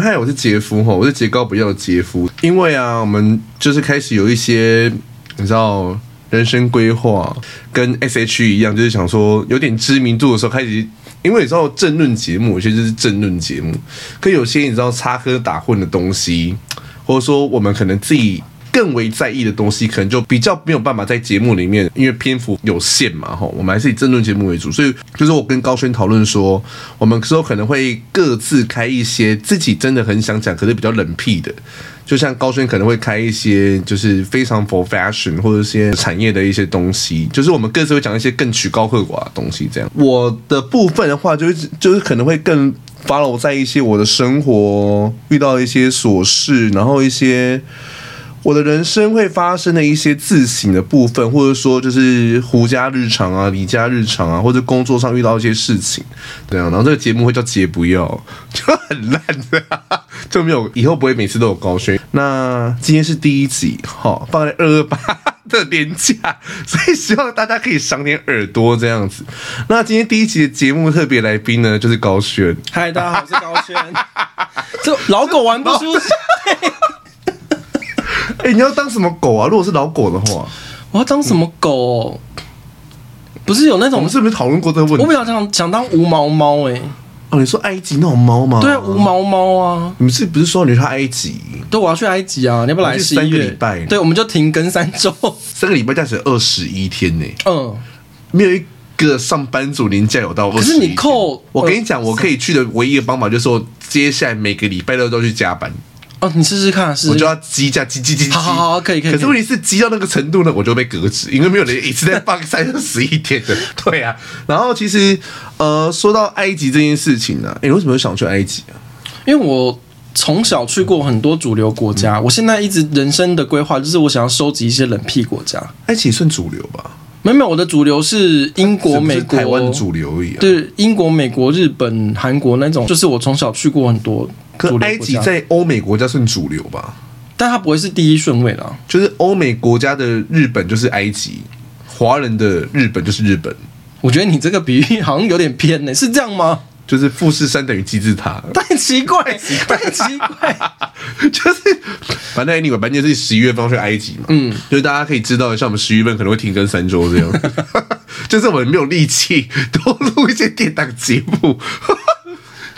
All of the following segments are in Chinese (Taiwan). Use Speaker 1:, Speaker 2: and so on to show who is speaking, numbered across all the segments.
Speaker 1: 嗨，我是傑夫哈，我是傑高，不要傑夫。因為啊，我們就是開始有一些你知道人生規劃，跟 S.H.E 一樣，就是想說有點知名度的時候開始。因為你知道政論節目有些就是政論節目，可有些你知道插科打諢的東西，或者說我們可能自己。更為在意的東西，可能就比較沒有辦法在節目裡面，因為篇幅有限嘛，哈，我們還是以爭論節目為主。所以，就是我跟高軒討論說，我們之後可能會各自開一些自己真的很想講，可是比較冷僻的。就像高軒可能會開一些，就是非常不 fashion 或者是產業的一些東西，就是我們各自會講一些更曲高和寡的東西。這樣，我的部分的話，就是就是可能會更發 w 在一些我的生活遇到一些瑣事，然後一些。我的人生會發生的一些自省的部分，或者說就是胡家日常啊、李家日常啊，或者工作上遇到一些事情，對啊，然後這個節目會叫“傑不要”，就很爛的、啊，就沒有，以後不會每次都有高軒。
Speaker 2: 那今
Speaker 1: 天是第一集，好、哦、放在二二八的年假，所以希望大家可以賞點耳朵這樣子。那今天第一集的節目特別來賓呢，就是高軒。嗨，大
Speaker 2: 家好，我是高軒。 這老狗玩不輸。 哎、欸，你要當什麼狗啊？如果是老狗的話，我要當什麼狗、喔？嗯、不是有那種？我們是不是討論過這個問題？我比較想想當無毛貓誒、欸。哦，你說埃及那種貓嗎？對啊，無毛貓啊。你們是不是說你要埃及？對，我要去埃及啊！你要不要來？三個禮拜？對，我們就停更
Speaker 1: 三周。三個禮拜假期二十一天呢、欸。 嗯，沒有一個上班族年假有到二十一天。可是你扣，我跟你講，我可以去的唯一的方法就是說接下來每個禮拜都都去加班。
Speaker 2: 哦，你試試看，
Speaker 1: 是我就要雞一下，雞雞雞，好,好，好，可以，可以。可是問題是，雞到那個程度呢，我就被革職，因為沒有人一直在放三十一天的。 對啊，然後其
Speaker 2: 實，呃，說到埃及這件事情呢、啊，誒、欸，為什麼會想去埃及、啊？因為我從小去過很多主流國家，嗯、我現在一直人生的規劃就是我想要收集一些冷僻國家。埃及也算主流吧？沒有，沒有，我的主流是英國、啊是啊、美國、台灣主流而已，就是英國、美國、日本、韓國那種，就是我從小去過很多。可埃及在歐美國家算主流吧，但它不會是第一順位的。就是歐美國
Speaker 1: 家的日本就是埃及，華人的日本就是日本。我覺得你這個比喻好像有點偏呢、欸，是這樣嗎？就是富士山等於金字塔，
Speaker 2: 太奇怪，太奇怪。 就
Speaker 1: 是反正 anyway，反正就是十一月份去埃及嘛。嗯，就是大家可以知道，像我們十一月份可能會停更三週這樣， 就是我們沒有力氣多錄一些電台節目。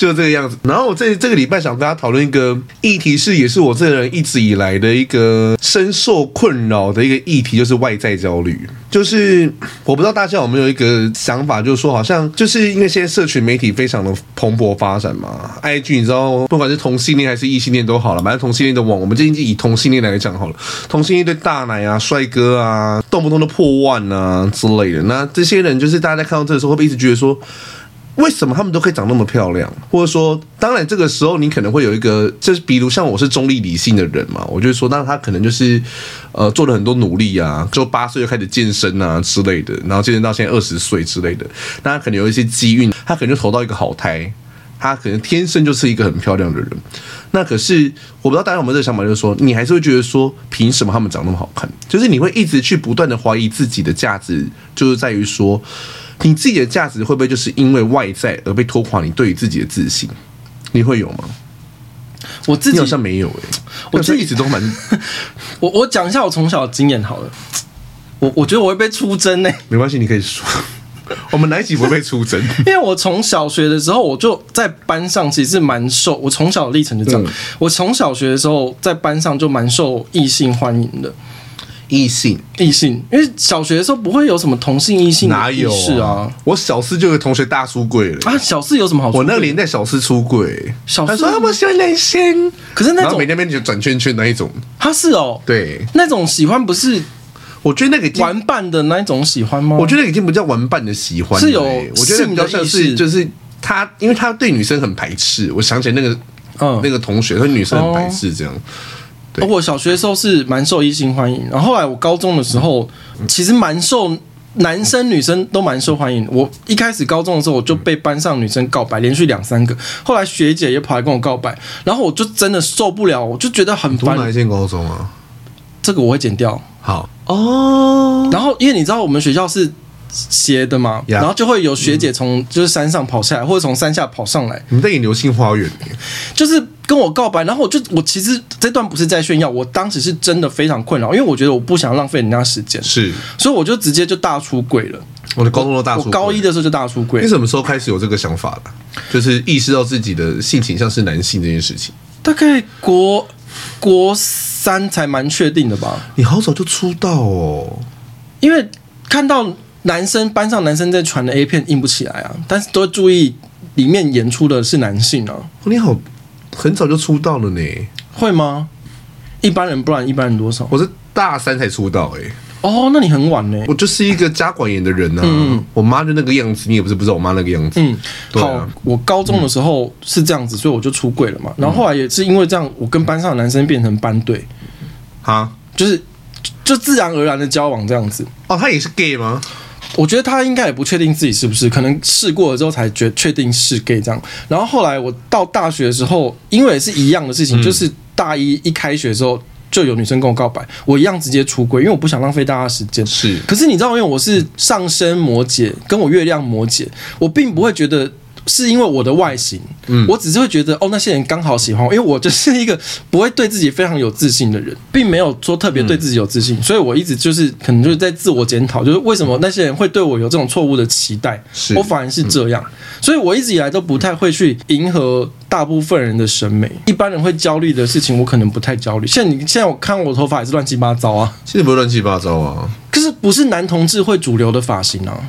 Speaker 1: 就這個樣子，然後我在這，這個禮拜想跟大家討論一個議題是，是也是我這個人一直以來的一個深受困擾的一個議題，就是外在焦慮。就是我不知道大家有沒有一個想法，就是說好像就是因為現在社群媒體非常的蓬勃發展嘛，IG 你知道，不管是同性戀還是異性戀都好了，反正同性戀的網，我們就以同性戀來講好了，同性戀對大奶啊、帥哥啊，動不動都破萬啊之類的。那這些人就是大家在看到這的時候，會不會一直覺得說？為什麼他們都可以長那麼漂亮？或者說，當然這個時候你可能會有一個，就是比如像我是中立理性的人嘛，我就說，那他可能就是，呃，做了很多努力啊，就八歲就開始健身啊之類的，然後健身到現在二十歲之類的，那他可能有一些機運，他可能就投到一個好胎，他可能天生就是一個很漂亮的人。那可是我不知道大家有沒有這個想法，就是說，你還是會覺得說，憑什麼他們長那麼好看？就是你會一直去不斷的懷疑自己的價值，就是在於說。你自己的價值會不會就是因為外在而被拖垮？你對於自己的自信，你會有嗎？
Speaker 2: 我自己好像沒有誒、欸，我自己一直都蠻……我我講一下我從小的經驗好了。我我覺得我會被出征誒、欸，沒關係，你可以說。我們一起不會被出征？ 因為我從小學的時候，我就在班上其實是蠻受……我從小的歷程就這樣。嗯、我從小學的時候在班上就蠻受異性歡迎的。異性，異性，因為小學的時候不會有什麼同性、異性的、啊、異性，哪有是啊？我小四
Speaker 1: 就有同學大出櫃了啊！小四有什麼好？我那年代小四出櫃，小四那麼像男
Speaker 2: 性，可
Speaker 1: 是那種然後，每天就轉圈圈那一種，
Speaker 2: 他是哦，對，那種喜歡不是歡？我覺得那個玩伴的那一種喜歡嗎？我覺得已經不叫玩伴的喜歡、欸，是有，我覺得比較像是就是他，因為他對女生很排斥。我想起來那個，嗯，那個同學，他女生很排斥這樣。哦我小學的時候是蠻受異性歡迎，然後後來我高中的時候，其實蠻受男生女生都蠻受歡迎。我一開始高中的時候，我就被班上女生告白，連續兩三個，後來學姐也跑來跟我告白，然後我就真的受不了，我就覺得很煩。你讀哪一間高中啊？這個我會剪掉。好哦。Oh、然後因為你知道我們學校是斜的嘛，Yeah. 然後就會有學姐從就是山上跑下來，嗯、或者從山下跑上來。你們在演《流星花園》？就是。跟我告白，然後我就我其實這段不是在炫耀，我當時是真的非常困擾，因為我覺得我不想浪費人家時間，是，所以我就直接就大出櫃了。我的高中都大出櫃了，我高一的時候就大出
Speaker 1: 櫃。你什麼時候開始有這個想法的？就是意識到自己的性傾向是男性這件事情，
Speaker 2: 大概國國三才蠻確定的吧。你好早就出道哦，因為看到男生班上男生在傳的 A 片硬不起來啊，但是都注意裡面演出的是男性啊。你好。很早就出道了呢、欸，會嗎？一般人不然一般人多少？我是大三才出道誒、欸。哦，那你很晚呢、欸。
Speaker 1: 我就是一個家管嚴的人啊。 嗯、我媽就那個樣子，你也不是不
Speaker 2: 知道我媽那個樣子。嗯，啊、好。我高中的時候是這樣子，嗯、所以我就出櫃了嘛。然後後來也是因為這樣，我跟班上的男生變成班對。啊、嗯，就是就自然而然的交往這樣子。哦，他也是 gay 嗎？我覺得他應該也不確定自己是不是，可能試過了之後才決確，確定是 gay 這樣。然後後來我到大學的時候，因為也是一樣的事情，嗯、就是大一一開學的時候就有女生跟我告白，我一樣直接出櫃，因為我不想浪費大家時間。是，可是你知道，因為我是上升魔羯，跟我月亮魔羯，我並不會覺得。是因為我的外型，嗯，我只是會覺得哦，那些人剛好喜歡我，因為我就是一個不會對自己非常有自信的人，並沒有說特別對自己有自信，嗯、所以我一直就是可能就是在自我檢討，就是為什麼那些人會對我有這種錯誤的期待，是我反而是這樣，嗯、所以我一直以來都不太會去迎合大部分人的審美，一般人會焦慮的事情，我可能不太焦慮。像你現在我看我頭髮也是亂七八糟啊，其實不是亂七八糟啊，可是不是男同志會主流的髮型啊。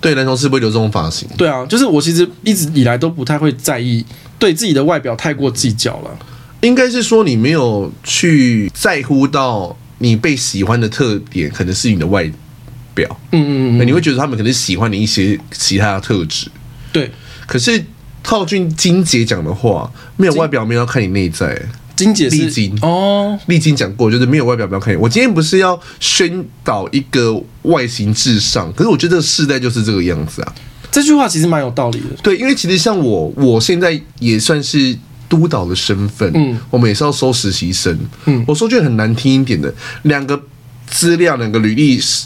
Speaker 2: 對，男同事會留這種髮型。對啊，就是我其實一直以來都不太會在意對自己的外表太過計較了。應該是說你沒有去在乎到你被喜歡的特
Speaker 1: 點，可能是你的外表。嗯嗯嗯，你會覺得他們可能喜歡你一些其他的特質。對，可是套句金姐講的話，沒有外表，沒有要看你內在。金姐是金哦，麗金講過，就是沒有外表不要看。我今天不是要宣導一個外形至上，可是我覺得這個世代就是這個樣子啊。這句話其實蠻有道理的。對，因為其實像我，我現在也算是督導的身份，嗯，我們也是要收實習生，嗯，我說句很難聽一點的，兩、嗯、個資料，兩個履歷，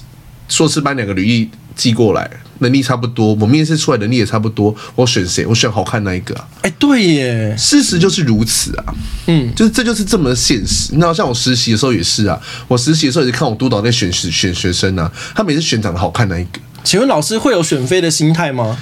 Speaker 1: 碩士班兩個履歷寄過來。能力差不多，我面試出來的能力也差不多，我選誰？我選好看那一個、啊。
Speaker 2: 哎、欸，對耶，事實就是如此
Speaker 1: 啊。嗯，就是這就是這麼的現實。那像我實習的時候也是啊，我實習的時候也是看我督導在選選學生啊，他們也是選長得好看那一個。請問老師會有選妃的心態嗎？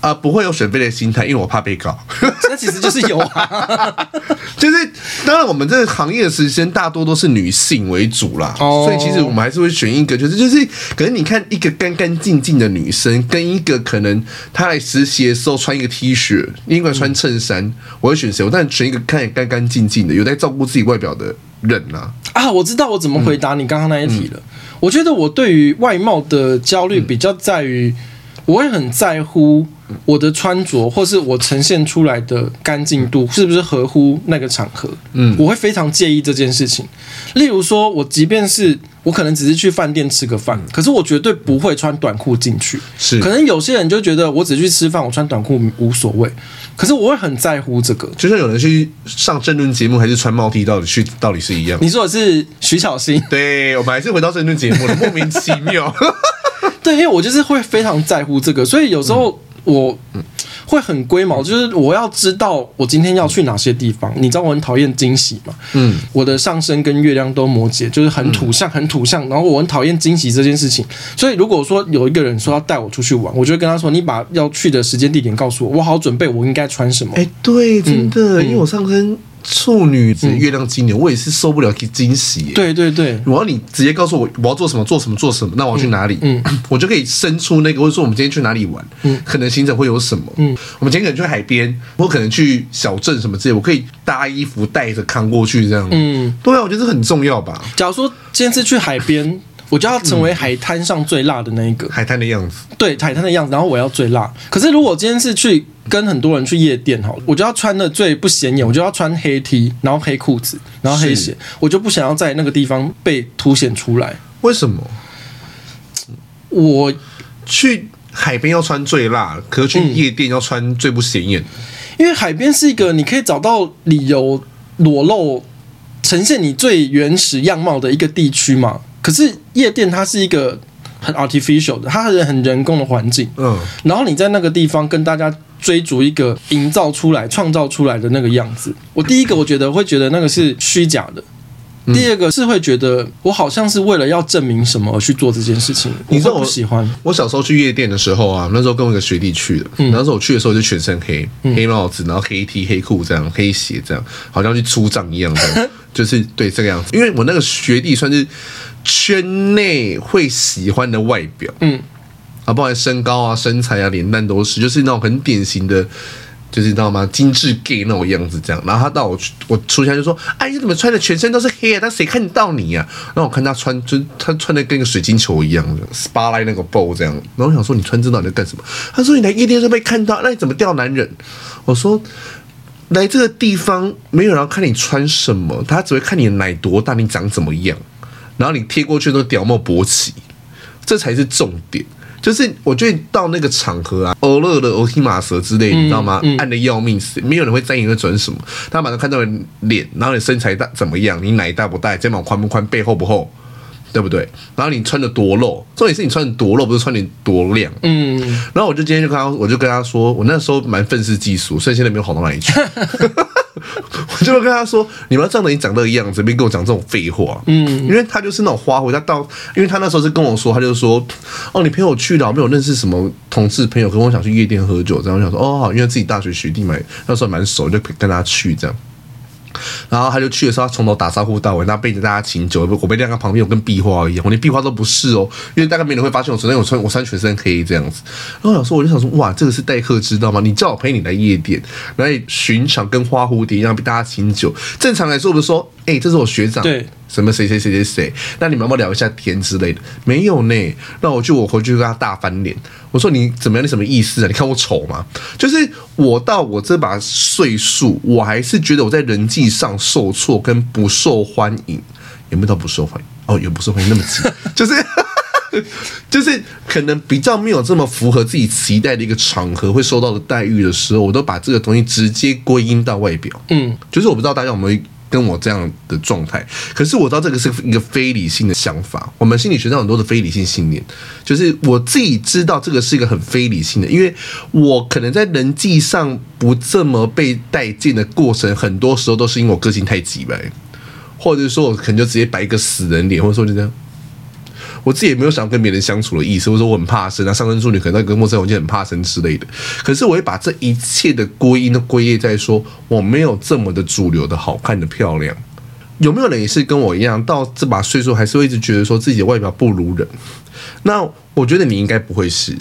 Speaker 1: 啊、呃，不會有選妃的心態，因為我怕被告。這
Speaker 2: 其實就是有
Speaker 1: 啊， 就是當然我們這個行業的，的實習生大多都是女性為主啦，oh. 所以其實我們還是會選一個，就是就是，可是你看一個乾乾淨淨的女生，跟一個可能她來實習的時候穿一個 T 恤，另外穿襯衫，嗯、我會選誰？我當然選一個看起乾乾淨淨的，有在照顧自己外表的人啦、
Speaker 2: 啊。啊，我知道我怎麼回答你剛剛那一題了。嗯嗯、我覺得我對於外貌的焦慮比較在於。嗯我會很在乎我的穿着，或是我呈現出來的乾淨度是不是合乎那個場合。嗯，我會非常介意這件事情。例如說，我即便是我可能只是去飯店吃個飯，可是我絕對不會穿短褲進去。是，可能有些人就覺得我只去吃飯，我穿短褲無所謂。可是我會很在乎這個。就像有人去
Speaker 1: 上政論節目，還是穿帽 T 到底去，到底是一樣。
Speaker 2: 你說的是徐巧芯，對，我們還是回
Speaker 1: 到政論節目了，莫名其妙。
Speaker 2: 對，因為我就是會非常在乎這個，所以有時候我會很龜毛，就是我要知道我今天要去哪些地方。你知道我很討厭驚喜嘛？嗯，我的上升跟月亮都摩羯，就是很土象，很土象。然後我很討厭驚喜這件事情，所以如果說有一個人說要帶我出去玩，我就跟他說：“你把要去的時間、地點告訴我，我好準備我應該穿什麼。”誒、欸，
Speaker 1: 對，真的，因為我上升。處女座月亮金牛，嗯、我也是受不了驚喜、欸。對對對，我要你直接告訴我，我要做什麼，做什麼，做什麼，那我要去哪裡？嗯，嗯，我就可以生出那個，或者說我們今天去哪裡玩？嗯，可能行程會有什麼？嗯，我們今天可能去海邊，我可能去小鎮什麼之類，我可以搭衣服帶着扛過去這樣。
Speaker 2: 嗯，對啊，我覺得這很重要吧。假如說今天是去海邊，我就要成為海灘上最辣的那一個，嗯嗯、海灘的樣子。對，海灘的樣子，然後我要最辣。可是如果今天是去，跟很多人去夜店哈，我就要穿的最不顯眼，我就要穿黑 T，然後黑褲子，然後黑鞋，是我就不想要在那個地方被凸顯出來。為什麼？我去海邊要穿最辣，
Speaker 1: 可是去夜店要穿最不顯眼。嗯，
Speaker 2: 因為海邊是一個你可以找到理由裸露、呈現你最原始樣貌的一個地區嘛。可是夜店它是一個很 artificial 的，它是很人工的環境。嗯，然後你在那個地方跟大家，追逐一個營造出來、創造出來的那個樣子，我第一個我覺得會覺得那個是虛假的，第二個是會覺得我好像是為了要證明什麼而去做這件事情。你說我喜歡我？我小時候去夜店的時候啊，那時候跟我一個學弟
Speaker 1: 去的，那時候我去的時候就全身黑，嗯、黑帽子，然後黑 T、黑褲這樣，黑鞋這樣，好像去出賬一樣的， 就是對這個樣子。因為我那個學弟算是圈內會喜歡的外表，嗯。包括身高啊、身材啊、臉蛋都是，就是那種很典型的，就是你知道嗎？精緻 gay 那種樣子這樣。然後他到我，我出現就說：“哎、啊，你怎麼穿的全身都是黑啊？那誰看到你啊？”然後我看他穿，就是、他穿的跟個水晶球一樣的 sparkle、like、那個包這樣。然後我想說：“你穿這套你在幹什麼？”他說：“你來夜店就被看到，那你怎麼釣男人？”我說：“來這個地方沒有人要看你穿什麼，他只會看你的奶多大，你長怎麼樣，然後你貼過去都屌毛勃起，這才是重點。”就是我覺得到那個場合啊，歐樂的歐天馬蛇之類，你知道嗎？暗的、嗯嗯、要命死，沒有人會在意你穿什麼，他馬上看到你臉，然後你身材大怎麼樣，你奶大不大，肩膀寬不寬，背厚不厚，對不對？然後你穿的多露，重點是你穿的多露，不是穿的多亮。嗯。然後我就今天就跟他，我就跟他說，我那時候蠻憤世嫉俗，所以現在沒有好到哪裡去。 我就會跟他說：“你們這樣等你長那個樣子，別跟我講這種廢話。”嗯，因為他就是那種花火，他到，因為他那時候是跟我說，他就說：“哦，你陪我去的，我沒有認識什麼同事朋友，跟我想去夜店喝酒。”這樣我想說：“哦，好，因為自己大學學弟嘛，那時候蠻熟，就帶他去這樣。”然後他就去的時候，他從頭打招呼到尾，被大家請酒。我被晾在旁邊，我跟壁花一樣，我連壁花都不是哦。因為大概沒人會發現我身上有，昨天我穿我穿全身黑這樣子。然後老師我就想說，哇，這個是代課，知道嗎？你叫我陪你來夜店，來巡場跟花蝴蝶一樣被大家請酒。正常來說，我們說，哎，這是我學長。對。什麼誰誰誰誰誰？那你們要不要聊一下天之類的？沒有呢。那我就我回去跟他大翻臉。我說你怎麼樣？你什麼意思啊？你看我醜嗎？就是我到我這把歲數，我還是覺得我在人際上受挫跟不受歡迎。有沒有到不受歡迎？哦，也不受歡迎那麼慘，就是 就是可能比較沒有這麼符合自己期待的一個場合會受到的待遇的時候，我都把這個東西直接歸因到外表。嗯，就是我不知道大家有沒有。跟我這樣的狀態，可是我知道這個是一個非理性的想法。我們心理學上很多的非理性信念，就是我自己知道這個是一個很非理性的，因為我可能在人際上不這麼被待見的過程，很多時候都是因為我個性太急唄，或者是說我可能就直接擺一個死人臉，或者說就這樣。我自己也沒有想要跟別人相處的意思，我說我很怕生那、啊、上升處女可能跟陌生人我就很怕生之類的。可是我會把這一切的歸因、歸業在說我沒有這麼的主流的好看的漂亮。有沒有人也是跟我一樣到這把歲數，還是會一直覺得說自己的外表不如人？那我覺得你應該不會是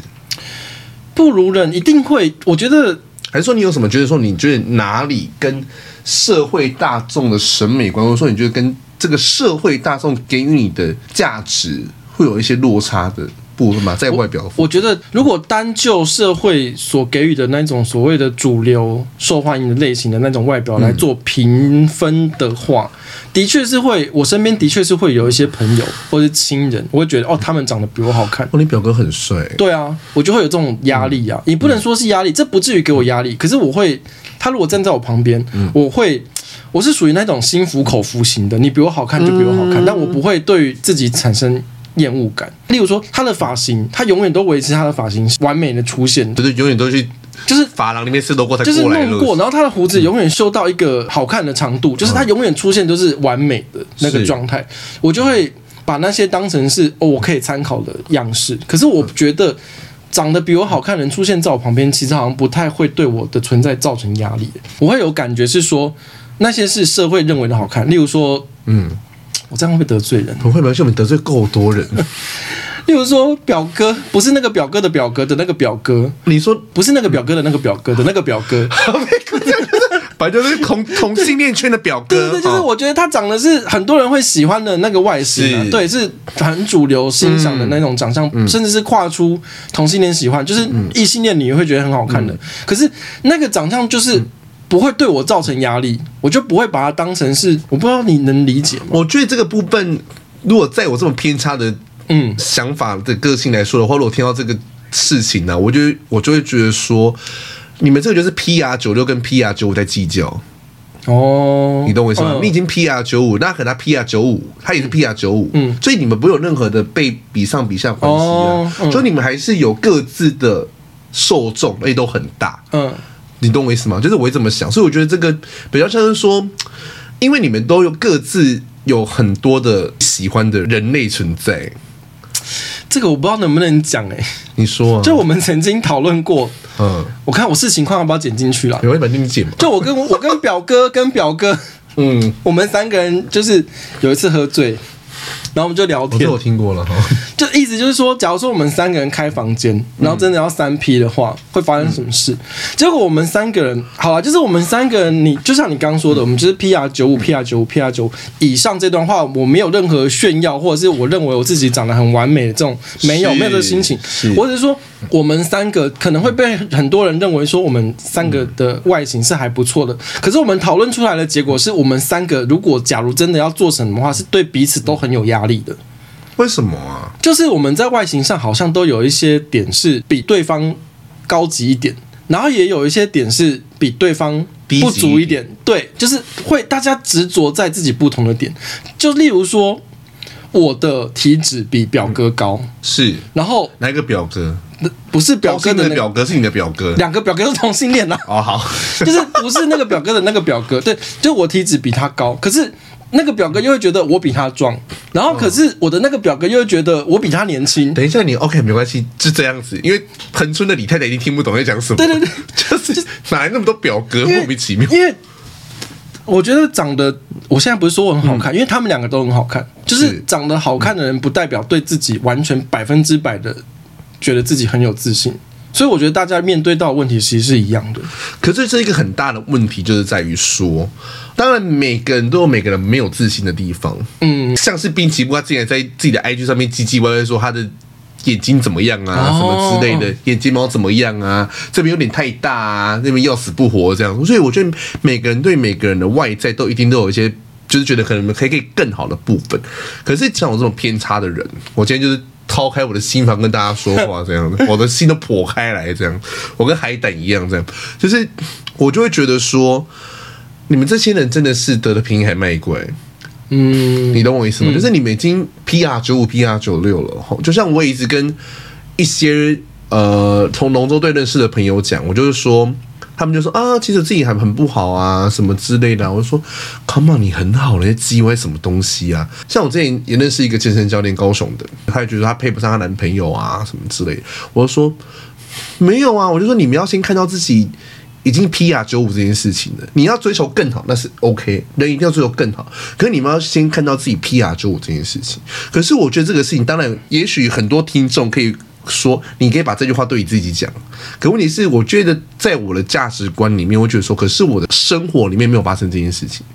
Speaker 1: 不如人，一定會。我覺得還是說你有什麼覺得說你覺得哪裡跟社會大眾的審美觀，或者說你覺得跟這個社會大眾給予你的價值？會有一些落差的部分嘛，在外表我，
Speaker 2: 我覺得如果單就社會所給予的那種所謂的主流受歡迎的類型的那種外表來做評分的話，嗯、的確是會，我身邊的確是會有一些朋友或是親人，我會覺得哦，他們長得比我好看。我、哦、你表哥很帥，對啊，我就會有這種壓力啊。嗯、你不能說是壓力，這不至於給我壓力，可是我會，他如果站在我旁邊，嗯、我會，我是屬於那種心服口服型的，你比我好看就比我好看，嗯、但我不會對自己產生。厭惡感，例如說他的髮型，他永遠都維持他的髮型完美的出現的，就是永
Speaker 1: 遠都是，就是髮廊裡面是弄過的，就是弄過，然
Speaker 2: 後他的鬍子永遠修到一個好看的長度，嗯、就是他永遠出現都是完美的那個狀態，是我就會把那些當成是、哦、我可以參考的樣式。可是我覺得、嗯、長得比我好看的人出現在我旁邊，其實好像不太會對我的存在造成壓力，我會有感覺是說那些是社會認為的好看，例如說，嗯。我這樣會得罪人，不會嗎？我們得罪夠多人。例如說，表哥不是那個表哥的表哥的那個表哥，你說不是那個表哥的那個表哥的那個表哥，反正就是同同性戀圈的表哥。對，對，對，就是我覺得他長得是很多人會喜歡的那個外型，啊，是對，是很主流欣賞的那種長相，嗯、甚至是跨出同性戀喜歡，就是異性戀你也會覺得很好看的。嗯、可是那個長相就是。嗯不會對我造成壓力，我就不會把它當成是。我不知道你能理解嗎？我覺得這個部分，如果在我這麼偏差的
Speaker 1: 嗯想法的個性來說的話，如果聽到這個事情呢、啊，我就我就會覺得說，你們這個就是 PR 九六跟 PR 九五在計較哦。你懂我意思嗎？嗯、你已經 PR 九五，那可能他 PR 九五，他也是 PR 九五，嗯，所以你們沒有任何的被比上比下關係啊，所以、嗯、你們還是有各自的受眾，也都很大，嗯。你懂我意思嗎？就是我會這麼想，所以我覺得這個比較像是說，因為你們都有各自有很多的喜歡的人類存在，
Speaker 2: 這個我不知道能不能講哎、欸。
Speaker 1: 你說、啊，就
Speaker 2: 我們曾經討論過，嗯，我看我視情況要不要剪進去了。有一本你剪吧。就我跟我跟表哥跟表哥，嗯， 我們三個人就是有一次喝醉。然後我們就聊天，我聽過了，就意思就是說，假如說我們三個人開房間，然後真的要三 P 的話，會發生什麼事？結果我們三個人，好啊，就是我們三個人，你就像你剛剛說的，我們就是 PR 九五、PR 九五、PR 九五。以上這段話，我沒有任何炫耀，或者是我認為我自己長得很完美的這種沒有沒有的心情，我只是說我們三個可能會被很多人認為說我們三個的外形是還不錯的，可是我們討論出來的結果是我們三個如果假如真的要做成什麼的話，是對彼此都很有壓力。力的，為什麼啊？就是我們在外型上好像都有一些點是比對方高級一點，然後也有一些點是比對方不足一點。低級一點。對，就是會大家執着在自己不同的點。就例如說，我的體脂比表哥高。嗯，是。然後哪一個表哥？不，不是表哥的、那個、的表哥，是你的表哥。兩個表哥是同性戀吶、啊？好好，就是不是那個表哥的那個表哥。對，就我體脂比他高，可是。那個表哥又會覺得我比他壯，然後可是我的那個表哥又會覺得我比他年輕、嗯。等一下你，你 OK 沒關係，是這樣子，因為彭村的李太太已經聽不懂在講什麼。對對對，就是、就是、哪來那麼多表哥，為莫名其妙。因為我覺得長得，我現在不是說我很好看，嗯、因為他們兩個都很好看，就是長得好看的人，不代表對自己完全百分之百的覺得自己很有自信。所以我覺得大家面對到問題其實是一樣的，可是這一個很大的問題，就是在於說，當然
Speaker 1: 每個人都有每個人沒有自信的地方，嗯，像是濱崎步，他之前在自己的 IG 上面唧唧歪歪說他的眼睛怎麼樣啊，什麼之類的，哦、眼睫毛怎麼樣啊，這邊有點太大啊，那邊要死不活這樣，所以我覺得每個人對每個人的外在都一定都有一些，就是覺得可能可以可以更好的部分，可是像我這種偏差的人，我今天就是。掏開我的心房跟大家說話，這樣我的心都剖開來，這樣，我跟海膽一樣，這樣，就是我就會覺得說，你們這些人真的是得了便宜還賣乖，嗯，你懂我意思嗎？嗯、就是你們已經 PR 九五、PR 九六了，吼，就像我一直跟一些呃從龍舟隊認識的朋友講，我就是說。他們就說啊，其實自己還很不好啊，什麼之類的、啊。我就說，Come on，你很好嘞，要嘰歪什麼東西啊？像我之前也認識一個健身教練，高雄的，他也覺得他配不上他男朋友啊，什麼之類的。我就說，沒有啊，我就說你們要先看到自己已經 P R 九五這件事情了，你要追求更好那是 O、OK, K，人一定要追求更好，可是你們要先看到自己 P R 九五這件事情。可是我覺得這個事情，當然也許很多聽眾可以。說，你可以把這句話對你自己講。可問題是，我覺得在我的價值觀裡面，我覺得說，可是我的生活裡面沒有發生這件事情。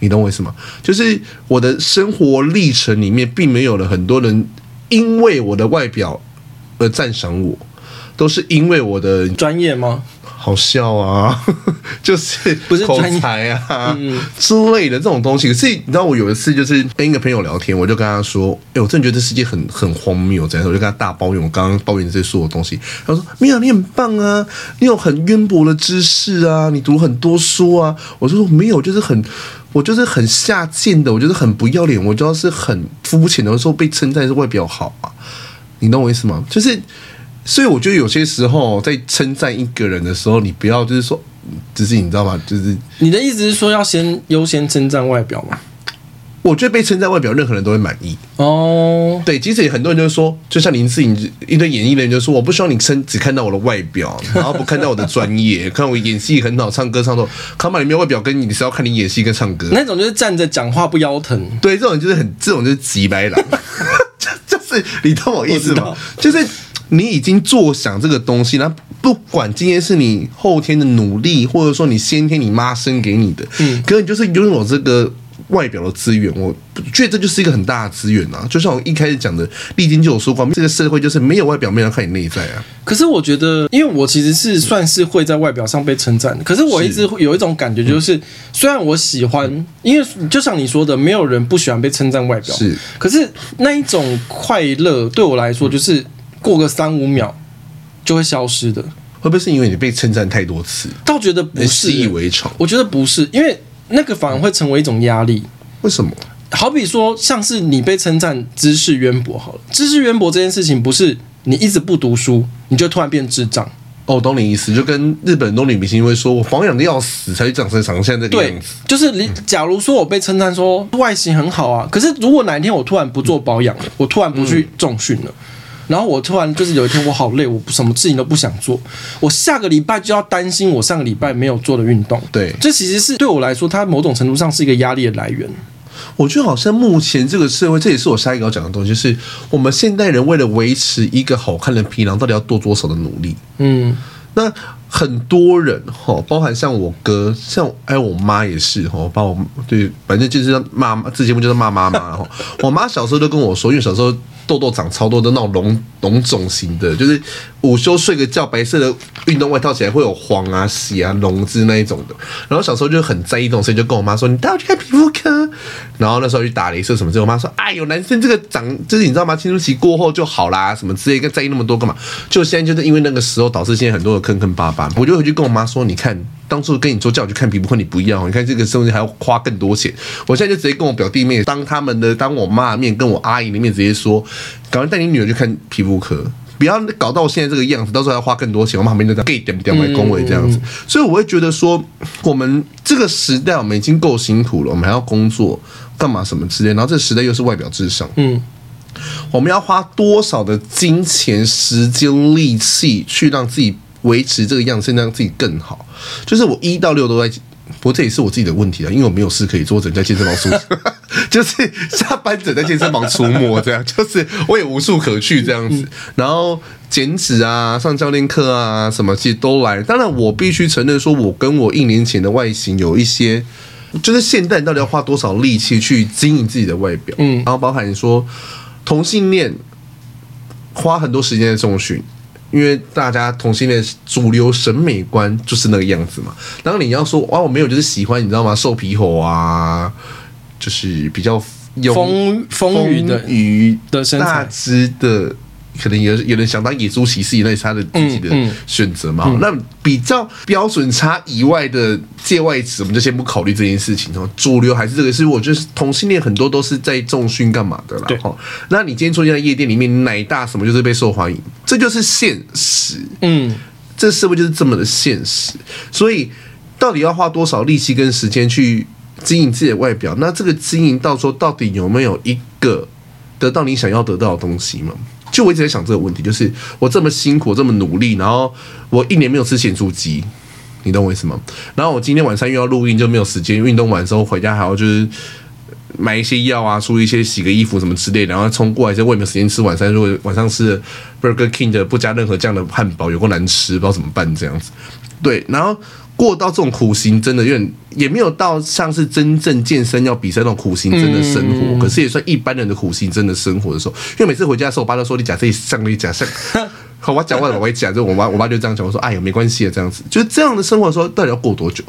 Speaker 1: 你懂我意思嗎？就是我的生活歷程裡面，並沒有了很多人因為我的外表而讚賞我。都是因為我的專業嗎？好笑啊，
Speaker 2: 就是不是口才啊，嗯嗯
Speaker 1: 之類的這種東西。可是你知道，我有一次就是跟一個朋友聊天，我就跟他說：“哎、欸，我真的覺得這世界很很荒謬。”這樣，我就跟他大抱怨。我剛剛抱怨這些所有東西，他說：“沒有，你很棒啊，你有很淵博的知識啊，你讀很多書啊。我”我說：“沒有，就是很我就是很下賤的，我就是很不要臉，我就是很膚淺的時候被稱讚是外表好啊。”你懂我意思嗎？就是。所以我覺得有些時候在稱讚一個人的時候，你不要就是說，只是你知道嗎？就是你的意思是說要先優先稱讚外表嗎？我覺得被稱讚外表，任何人都會滿意
Speaker 2: 哦。Oh.
Speaker 1: 對，其實很多人就說，就像林志穎一堆演藝人就說，我不希望你稱只看到我的外表，然後不看到我的專業， 看我演戲很好，唱歌唱得，卡你沒有外表跟你的時候，看你演戲跟唱歌。那種就是站着講話不腰疼。對，這種就是很，這種就是擠白狼，就 就是你懂我意思嗎？就是。你已經坐享這個東西，那不管今天是你後天的努力，或者說你先天你媽生給你的，嗯，可能就是擁有這個外表的資源。我覺得這就是一個很大的資源啊！就像我一開始講
Speaker 2: 的，畢竟就有說過，這個社會就是沒有外表，沒人看你內在啊。可是我覺得，因為我其實是算是會在外表上被稱讚，可是我一直有一種感覺，就是，是雖然我喜歡，嗯、因為就像你說的，沒有人不喜歡被稱讚外表，是，可是那一種快樂對我來說就是。嗯過個三五秒就會消失的，會不會是因為你被稱讚太多次？倒覺得不是，以為我覺得不是，因為那個反而會成為一種壓力。為什麼？好比說，像是你被稱讚知識淵博好了，知識淵博這件事情不是你一直不讀書你就突然變智障哦。懂你意思，就跟日本東女明星會說，我保養的要死才去長成長成現在這個樣子。就是你，假如說我被稱讚說外型很好啊，可是如果哪一天我突然不做保養了，嗯、我突然不去重訓了。嗯然後我突然就是有一天，我好累，我不什麼事情都不想做。我下個禮拜就要擔心我上個禮拜沒有做的運動。對，這其實是對我來說，它某種程度上是一個壓力的來源。我覺得好像目前這個社會，這也是我下一個要講的東西，就是
Speaker 1: 我們現代人為了維持一個好看的皮囊，到底要做多少的努力？嗯，那很多人吼，包含像我哥，像哎我媽也是吼，把我對，反正就是罵，這節目就是罵媽媽吼。 我媽小時候都跟我說，因為小時候。痘痘長超多的，那種膿膿腫型的，就是。午休睡個覺，白色的運動外套起來會有黃啊、洗啊、隆脂那一種的。然後小時候就很在意這種事情，就跟我媽說：“你帶我去看皮膚科。”然後那時候去打雷射什麼之類，我媽說：“哎呦，男生這個長，就是你知道嗎？青春期過後就好啦，什麼之類，該在意那麼多幹嘛？就現在就是因為那個時候導致現在很多的坑坑巴巴。”我就回去跟我媽說：“你看，當初跟你說叫我去看皮膚科，你不要。你看這個東西還要花更多錢。我現在就直接跟我表弟妹當他們的當我媽面，跟我阿姨的面直接說，趕快帶你女兒去看皮膚科。”不要搞到我現在這個樣子，到時候還要花更多錢。我們旁邊都在給點點買恭維這樣子，嗯、所以我會覺得說，我們這個時代我們已經夠辛苦了，我們還要工作幹嘛什麼之類。然後這個時代又是外表至上，嗯，我們要花多少的金錢、時間、力氣去讓自己維持這個樣子，讓自己更好。就是我一到六都在。不過這也是我自己的問題啊，因為我沒有事可以做，只能在健身房出， 就是下班只能在健身房出沒這樣，就是我也無處可去這樣子。嗯，然後減脂啊，上教練課啊，什麼其實都來。當然，我必須承認說，我跟我一年前的外形有一些，就是現在你到底要花多少力氣去經營自己的外表。嗯，然後包含說同性戀花很多時間在重訓，因為大家同性戀主流審美觀就是那個樣子嘛。當你要說啊，我沒有就是喜歡，你知道嗎？瘦皮猴啊，就是比較風風雨的、魚大隻的，的可能有有人想當野豬騎士以類，是他的自己的選擇嘛。嗯嗯、那比較標準差以外的界外詞，我們就先不考慮這件事情哦。主流還是這個是，是我覺得同性戀很多都是在重訓幹嘛的啦對。那你今天出現在夜店裡面奶大什麼，就是被受歡迎。這就是現實，嗯，這社會就是這麼的現實。所以，到底要花多少力氣跟時間去經營自己的外表？那這個經營到說，到底有沒有一個得到你想要得到的東西嗎？就我一直在想這個問題，就是我這麼辛苦，這麼努力，然後，我一年沒有吃鹹酥雞，你懂我意思嗎？然後我今天晚上又要錄音，就沒有時間運動完之後回家還要就是。買一些藥啊，出一些洗個衣服什麼之類的，然後衝過來。現在也沒有時間吃晚餐。如果晚上吃 Burger King 的不加任何醬的漢堡，有夠難吃，不知道怎麼辦。這樣子，對。然後過到這種苦行，真的有點，因為也沒有到像是真正健身要比賽那種苦行真的生活，嗯、可是也算一般人的苦行真的生活的時候。因為每次回家的時候，我爸都說，你講這一上你講上，我講我講我講，就我媽我爸就這樣講我說，哎呀沒關係啊這樣子。就是這樣的生活的時候，到底要過多久？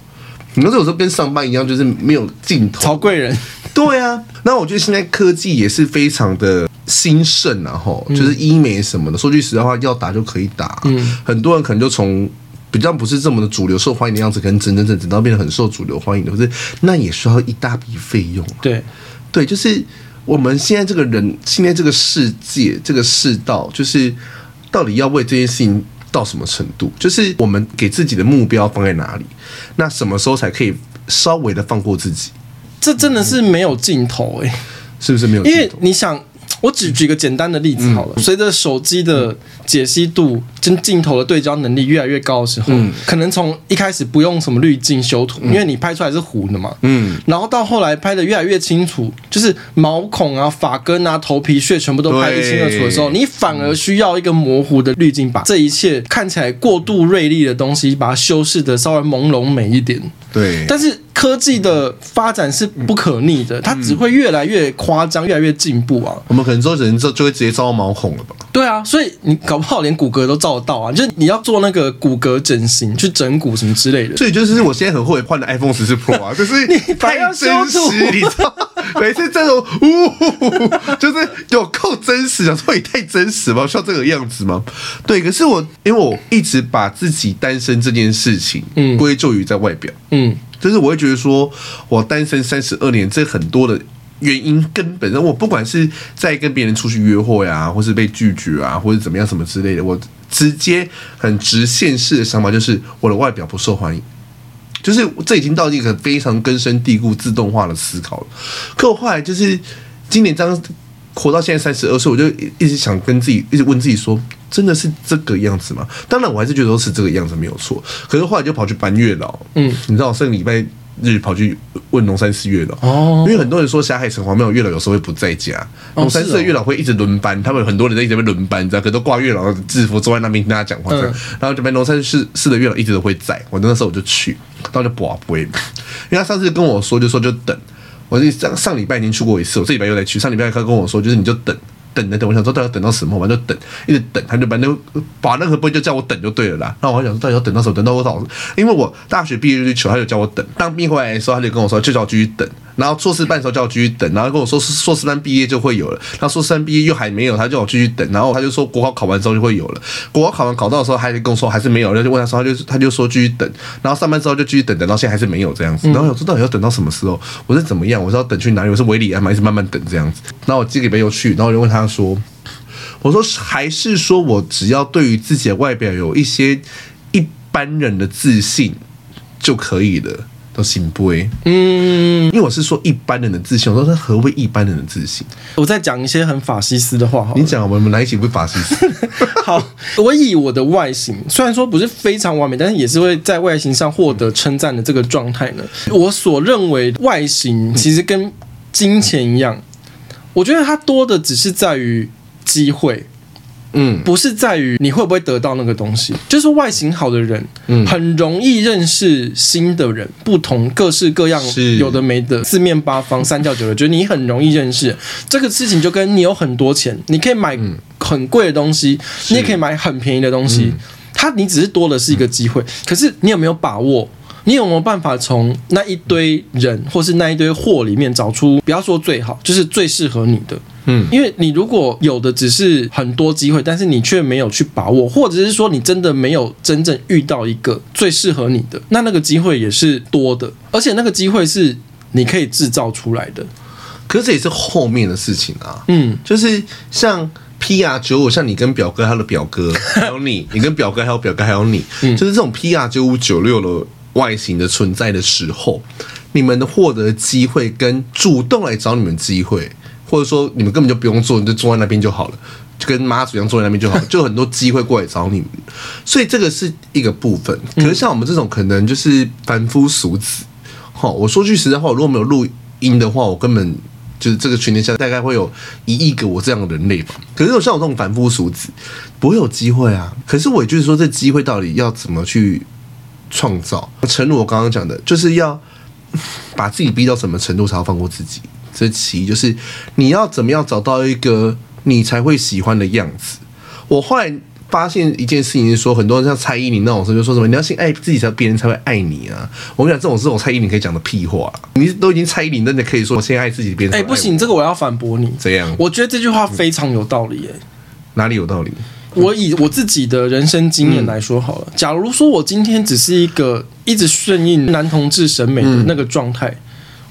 Speaker 1: 你們這種時候跟上班一樣，就是沒有盡頭。曹貴人。對啊，那我覺得現在科技也是非常的興盛啊，然後就是醫美什麼的，說句實在話，話，要打就可以打。嗯，很多人可能就從比較不是這麼的主流受歡迎的樣子，可能整整整整到變得很受主流歡迎的，不是，那也需要一大筆費用啊。對，對，就是我們現在這個人，現在這個世界，這個世道，就是到底要為這件事情到什麼程度？就是我
Speaker 2: 們給自己的目標放在哪裡？那什麼時候才可以稍微的放過自己？這真的是沒有盡頭誒、欸，是不是沒有鏡頭？因為你想，我只舉個簡單的例子好了。嗯、隨着手機的解析度，跟鏡頭的對焦能力越來越高的時候，嗯，可能從一開始不用什麼濾鏡修圖，嗯，因為你拍出來是糊的嘛。嗯。然後到後來拍得越來越清楚，就是毛孔啊，髮根啊，頭皮屑全部都拍一清二楚的時候，對你反而需要一個模糊的濾鏡，把這一切看起來過度銳利的東西，把它修飾得稍微朦朧美一點。對，但是科技的發展是不可逆的，嗯、它只會越來越誇張，越來越進步啊！
Speaker 1: 我們很多人就就會直接照到毛孔
Speaker 2: 了吧？對啊，所以你搞不好連骨骼都照得到啊！就是你要做那個骨骼整形，去整骨什麼之類的。所以就是我現在很後悔換了 iPhone 十四 Pro 啊，就 是你還要修圖？
Speaker 1: 每次這種嗚呼呼，就是有夠真實，想說你太真實嗎？像這個樣子嗎？對，可是我因為我一直把自己單身這件事情，嗯，歸咎於在外表，嗯，就、嗯、是我會覺得說，我單身三十二年，這很多的原因，根本那我不管是在跟別人出去約會啊，或是被拒絕啊，或者怎麼樣什麼之類的，我直接很直線式的想法就是我的外表不受歡迎。就是這已經到一個非常根深蒂固自動化的思考了。可我後來就是今年這樣活到現在三十二歲，我就一直想跟自己一直問自己說，真的是這個樣子嗎？當然我還是覺得是這個樣子沒有錯。可是後來就跑去搬月老，嗯，你知道我上個禮拜。自己跑去問龍山寺月老，oh. 因為很多人說霞海城隍廟月老有時候會不在家，龍、oh. 山寺月老會一直輪班，oh. 他們有很多人在那邊輪班，你知道，可是都掛月老制服坐在那邊聽大家講話這樣，uh. 然後這邊龍山寺寺的月老一直都會在，我那時候我就去，然後我就拔筊， 因為他上次跟我說就是、說就等，我上上禮拜已經去過一次，我這禮拜又來去，上禮拜他跟我說就是你就等。等等等，我想說到底要等到什麼？我就等，一直等，他就把那個不就叫我等就對了啦。那我還想說到底要等到什麼？等到我老，因為我大學畢業就去，他就叫我等。當兵回來的時候，他就跟我說，就叫我繼續等。然後碩士班的時候叫我繼續等，然後跟我說，碩士班畢業就會有了。他碩士畢業又還沒有，他叫我繼續等。然後他就說國考考完之後就會有了。國考考完考到的時候還跟我說還是沒有，然後就問他說，他就他就說繼續等。然後上班之後就繼續等，等到現在還是沒有，這樣子。然後我說到底要等到什麼時候？我說怎麼樣？我說要等去哪裡？我是韋禮安嘛，一直慢慢等這樣子。然後我自己又去，然後就問他說，我說還是說我只要對於自己的外表有一些一般人的自信就可以了。都行不？嗯，
Speaker 2: 因為我是說一般人的自信，我說何謂一般人的自信？我再講一些很法西斯的話哈。你講我們來一起不法西斯？ 好，所以我的外型雖然說不是非常完美，但是也是會在外型上獲得稱讚的這個狀態呢。我所認為外型其實跟金錢一樣，我覺得它多的只是在於機會。嗯，不是在於你會不會得到那個東西，就是外形好的人，嗯，很容易認識新的人，不同各式各樣，有的沒的，四面八方，三教九流，覺得你很容易認識。這個事情就跟你有很多錢，你可以買很貴的東西，你也可以買很便宜的東西，它你只是多的是一個機會。可是你有沒有把握？你有沒有辦法從那一堆人或是那一堆貨裡面找出，不要說最好，就是最適合你的。嗯，因為你如果有的只是很多機會，但是你卻沒有去把握，或者是說你真的沒有真正遇到一個最適合你的，那那個機會也是多的，而且那個機會是你可以制造出來的，可是這也是後面的事情啊。嗯，就是像
Speaker 1: PR 九五，像你跟表哥，他的表哥 還有你，你跟表哥還有表哥還有你，嗯，就是這種 PR 九五九六的外型的存在的時候，你們的獲得機會跟主動來找你們機會。或者說你們根本就不用做，你就坐在那邊就好了，就跟媽祖一樣坐在那邊就好了，就有很多機會過來找你們， 所以這個是一個部分。可是像我們這種可能就是凡夫俗子，吼、嗯哦，我說句實在話，我如果沒有錄音的話，我根本就是這個群體下大概會有一億個我這樣的人類吧。可是像我這種凡夫俗子，不會有機會啊。可是我也就是說，這機會到底要怎麼去創造？誠如我剛剛講的，就是要把自己逼到什麼程度，才要放過自己。這其一，就是你要怎麼樣找到一個你才會喜歡的樣子。我後來發現一件事情，就是說很多人像蔡依林那種，就說什麼你要先愛自己，才別人才會愛你啊。我跟你講這種這種蔡依林可以講的屁話，你都已經蔡依林，真的可以說我先愛自己
Speaker 2: 別人愛、欸，別哎不行，這個我要反駁你。怎樣？我覺得這句話非常有道理、欸。耶。哪裡有道理？我以我自己的人生經驗來說好了。嗯、假如說我今天只是一個一直順應男同志審美的那個狀態。嗯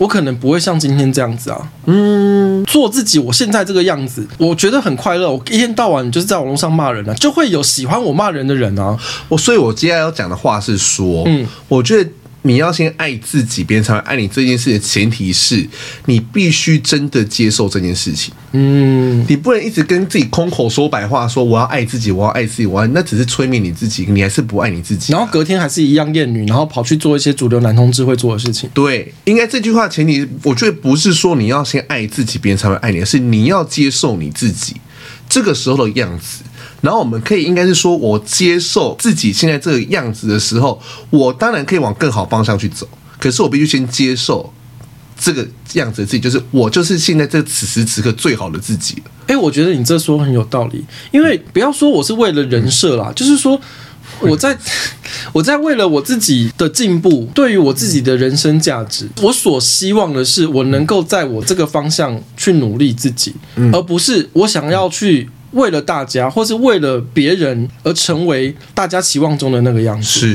Speaker 2: 我可能不會像今天這樣子啊，嗯，做自己，我現在這個樣子，我覺得很快樂。我一天到晚就是在網絡上罵人啊，就會有喜歡我罵人的人啊。我，所以我接下來要講
Speaker 1: 的話是說，嗯，我覺得。你要先愛自己，別人才會愛你。這件事的前提是你必須真的接受這件事情。嗯，你不能一直跟自己空口說白話，說我要愛自己，我要愛自己，我要，那只是催眠你自己，你還是不愛你自己啊。然後隔天還是一樣厭女，然後跑去做一些主流男同志會做的事情。對，應該這句話前提，我覺得不是說你要先愛自己，別人才會愛你，而是你要接受你自己這個時候的樣子。然後我們可以應該是說，我接受自己現在這個樣子的時候，我當然可以往更好方向去走。可是我必須先接受這
Speaker 2: 個樣子的自己，就是我就是現在這此時此刻最好的自己。誒、欸，我覺得你這說很有道理，因為不要說我是為了人設啦，嗯、就是說我在、嗯、我在為了我自己的進步，對於我自己的人生價值，我所希望的是我能夠在我這個方向去努力自己，而不是我想要去。為了大家，或是為了別人而成為大家期望中的那個樣子，是，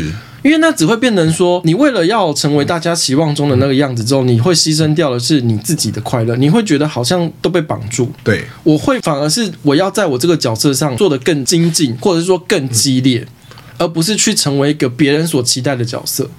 Speaker 2: 因為那只會變成說，你為了要成為大家期望中的那個樣子之後，你會犧牲掉的是你自己的快樂，你會覺得好像都被綁住。對，我會反而是我要在我這個角色上做得更精進，或者是說更激烈，嗯、而不是去成為一個別人所期待的角色。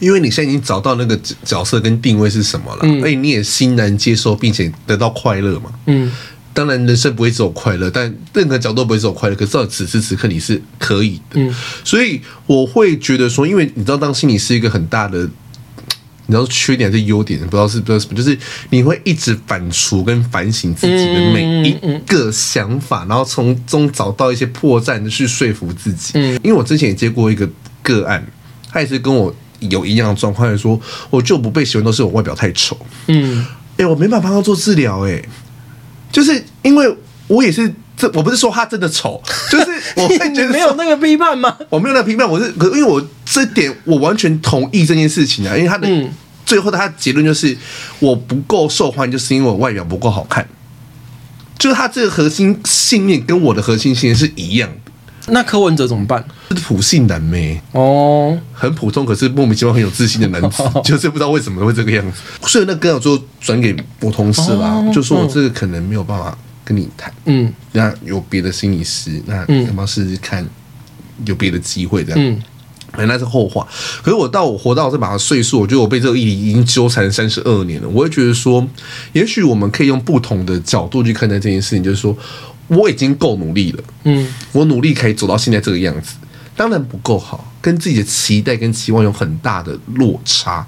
Speaker 2: 因為你現在已經找到那個角色跟定位是什麼了，所以、
Speaker 1: 嗯、你也欣然接受並且得到快樂嘛。嗯。當然，人生不會只有快樂，但任何角度不會只有快樂。可是到此時此刻，你是可以的。嗯、所以我會覺得說，因為你知道，當心理是一個很大的，你知道缺點還是優點，不知道是不知道什麼，就是你會一直反芻跟反省自己的每一個想法，嗯嗯嗯，然後從中找到一些破綻去說服自己。嗯、因為我之前也接過一個個案，他也是跟我有一樣的狀況，就是、說我就不被喜歡都是我外表太醜。嗯，哎、欸，我沒辦法做治療、欸，哎。就是因為我也是這，我不是說他真的醜，就是我會覺得 沒有那個批判嗎？我沒有那個批判，我是可因為我這點我完全同意這件事情啊，因為他的最後他的他結論就是我不夠受歡迎，就是因為我外表不夠好看，就是他這個核心信念跟我的核心信念是一樣的。那柯文哲怎麼辦？是普信男唄，哦，oh. 很普通，可是莫名其妙很有自信的男子，oh. 就是不知道為什麼會這個樣子。所以那哥我就轉給我同事了、啊，oh. 就說我這個可能沒有辦法跟你談，嗯，那有別的心理師，嗯、那要不要試試看、嗯、有別的機會這樣？嗯，原來是後話。可是我到我活到這把歲數，我覺得我被這個議題已經糾纏三十二年了。我也覺得說，也許我們可以用不同的角度去看待這件事情，就是說。我已經夠努力了，嗯，我努力可以走到現在這個樣子，當然不夠好，跟自己的期待跟期望有很大的落差。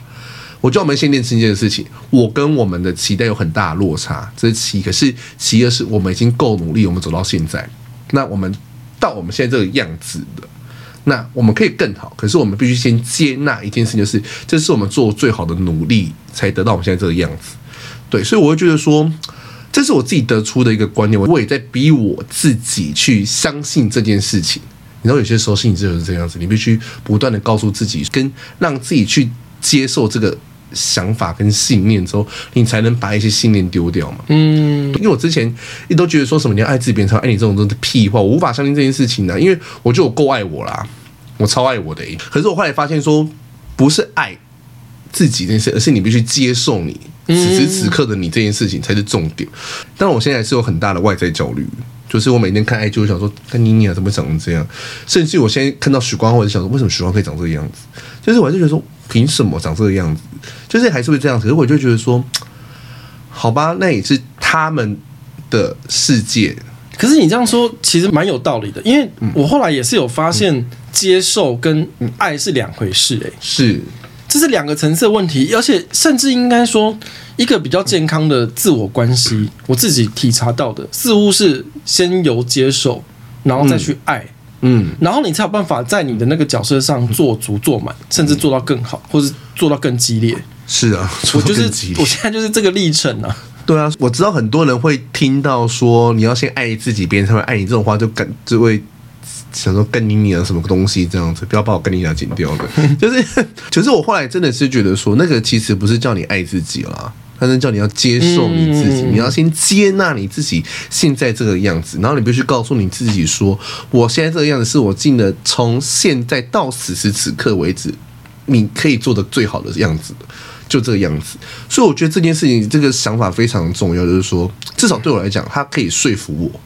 Speaker 1: 我叫我們先練習一件事情，我跟我們的期待有很大的落差，這是其一，可是其二是我們已經夠努力，我們走到現在，那我們到我們現在這個樣子的，那我們可以更好，可是我們必須先接納一件事情，就是這是我們做最好的努力才得到我們現在這個樣子，對，所以我會覺得說。這是我自己得出的一個觀念，我也在逼我自己去相信這件事情。你知道，有些時候心理就是這樣子，你必須不斷的告訴自己，跟讓自己去接受這個想法跟信念之後，你才能把一些信念丟掉嘛。嗯，因為我之前也都覺得說什麼你要愛自己變成愛你這種都是屁話，我無法相信這件事情的、啊，因為我覺得我夠愛我啦，我超愛我的、欸。可是我後來發現說，不是愛自己這件事，而是你必須接受你。此時此刻的你這件事情才是重點，但我現在還是有很大的外在焦慮，就是我每天看艾灸，我想說，看妮妮啊怎麼長成這樣，甚至我現在看到許光，我就想說，為什麼許光可以長這個樣子？就是我還是覺得說，憑什麼長這個樣子？就是還是會這樣子，可是我就覺得說，
Speaker 2: 好吧，那也是他們的世界。可是你這樣說，其實蠻有道理的，因為我後來也是有發現，嗯，接受跟愛是兩回事，欸，誒，是。這是兩個層次的問題，而且甚至應該說，一個比較健康的自我關係，我自己體察到的似乎是先由接受，然後再去愛，嗯，嗯，然後你才有辦法在你的那個角色上做足做滿，甚至做到更好，嗯、或是做到更激烈。是啊，我就是我現在就是這個歷程啊。對啊，我知道很多人會聽到說你要先愛自己，別人才會
Speaker 1: 愛你這種話，就感就會。想說幹你娘什麼東西這樣子，不要把我幹你娘剪掉了。就是，可是我後來真的是覺得說，那個其實不是叫你愛自己啦，它是叫你要接受你自己，你要先接納你自己現在這個樣子，然後你必須告訴你自己說，我現在這個樣子是我盡的，從現在到此時此刻為止你可以做的最好的樣子，就這個樣子。所以我覺得這件事情這個想法，非常重要，就是說至少對我來講，它可以說服我，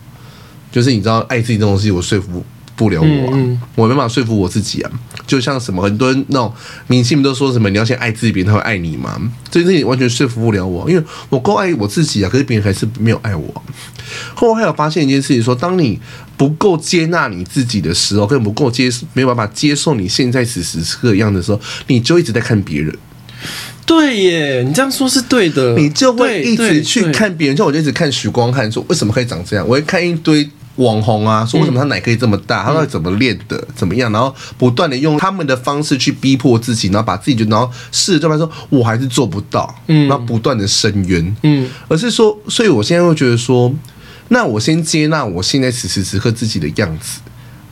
Speaker 1: 就是你知道愛自己這種東西，我說服我。不了我啊，我沒辦法說服我自己啊。就像什麼，很多人那種明星都說什麼，你要先愛自己，別人才會愛你嗎？所以你完全說服不了我啊，因為我夠愛我自己啊，可是別人還是沒有愛我啊。後來還有發現一件事情，說當你不夠接納你自己的時候，跟不夠接沒有辦法接受你現在此時此刻的樣子的時候，你就一直在看別人。
Speaker 2: 對耶，你這樣說是對的，你就會一直去看別
Speaker 1: 人。像我就一直看許光漢，說為什麼可以長這樣？我會看一堆。網紅啊，說為什麼他奶可以這麼大？嗯，他到底怎麼練的？嗯，怎麼樣？然後不斷的用他們的方式去逼迫自己，然後把自己就然後試着跟他說，我還是做不到。嗯，然後不斷的伸冤，嗯，而是說，所以我現在會覺得說，那我先接納我現在此時此刻自己的樣子，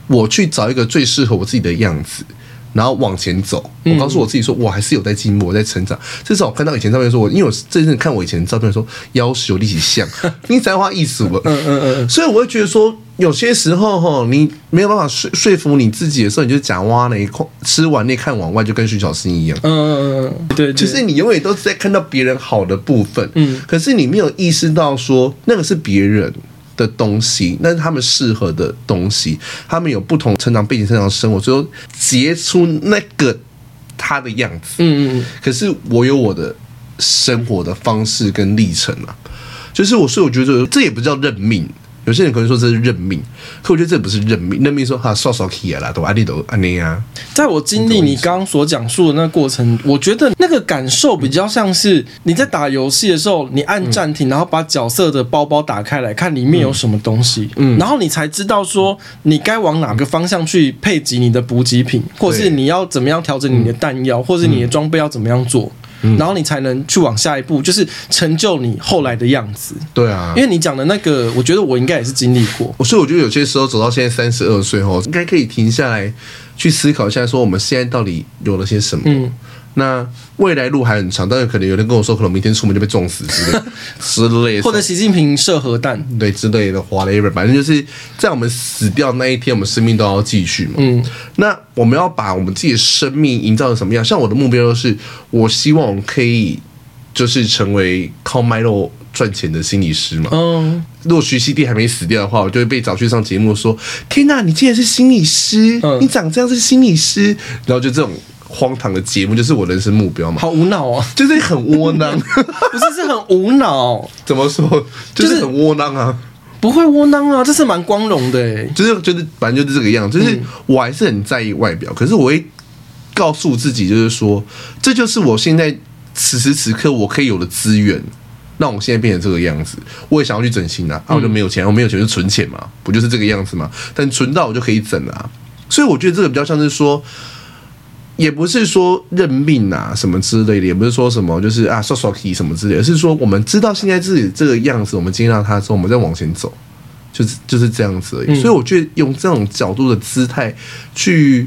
Speaker 1: 我去找一個最適合我自己的樣子。然後往前走，我告訴我自己說，我還是有在進步，我在成長。至少我看到以前照片說，我因為我真正看我以前的照片說，腰是有力氣，像你才華意出了、嗯。嗯嗯嗯，所以我會覺得說，有些時候哈，你沒有辦法說說服你自己的時候，你就假挖那一空，吃碗內看碗外，就跟徐小新一樣。嗯嗯嗯，對、嗯，嗯嗯、其實你永遠都在看到別人好的部分，嗯、可是你沒有意識到說那個是別人。的東西，那是他們適合的東西，他們有不同成長背景、成長的生活，最後結出那個他的樣子。嗯嗯嗯。可是我有我的生活的方式跟歷程啊，就是我，所以我覺得這也不叫認命。有些人可能說這是認命，可
Speaker 2: 我覺得這不是認命。認命說哈，刷、啊、刷起啊啦，都按你都按你啊。你啊在我經歷你剛剛所講述的那個過程，我覺得那個感受比較像是你在打遊戲的時候，你按暫停，嗯、然後把角色的包包打開來看裡面有什麼東西，嗯，然後你才知道說你該往哪個方向去配給你的補給品，或是你要怎麼樣調整你的彈藥，嗯、或是你的裝備要怎麼樣做。然後你才能去往下一步，就是成就你後來的樣子。對啊，因為你講的那個，我覺得我應該也是經歷過。所以我
Speaker 1: 覺得有些時候走到現在三十二歲後，應該可以停下來去思考一下說，說我們現在到底有了些什麼。嗯那未來路還很長，但然可能有人跟我說，可能明天出門就被撞死之類，之類， 或者習近平射核彈，對之類的 w h 反正就是在我們死掉那一天，我們生命都要繼續嘛。嗯，那我們要把我們自己的生命營造成什麼樣？像我的目標就是，我希望我可以就是成為靠賣肉賺錢的心理師嘛。嗯，如果徐熙娣還沒死掉的話，我就會被找去上節目說：“天哪、啊，你竟然是心理師？你長這樣是心理師？”嗯、然後就這種。荒唐的節目就是我人生目標嘛。好無腦啊，就是很窩囊， 不是是很無腦？怎麼說？就是很窩囊啊？就是、不會窩囊啊，這是蠻光榮的、欸就是。就是就是，反正就是這個樣子。就是、嗯、我還是很在意外表，可是我會告訴自己，就是說，這就是我現在此時此刻我可以有的資源，那我現在變成這個樣子。我也想要去整形啊，啊我就沒有錢，我沒有錢就存錢嘛，不就是這個樣子嗎？但存到我就可以整了、啊。所以我覺得這個比較像是說。也不是說認命啊什麼之類的，也不是說什麼就是啊刷刷題什麼之類的，而是說我們知道現在自己這個樣子，我們接納它之後，我們再往前走，就是就是這樣子而已。嗯。所以我覺得用這種角度的姿態去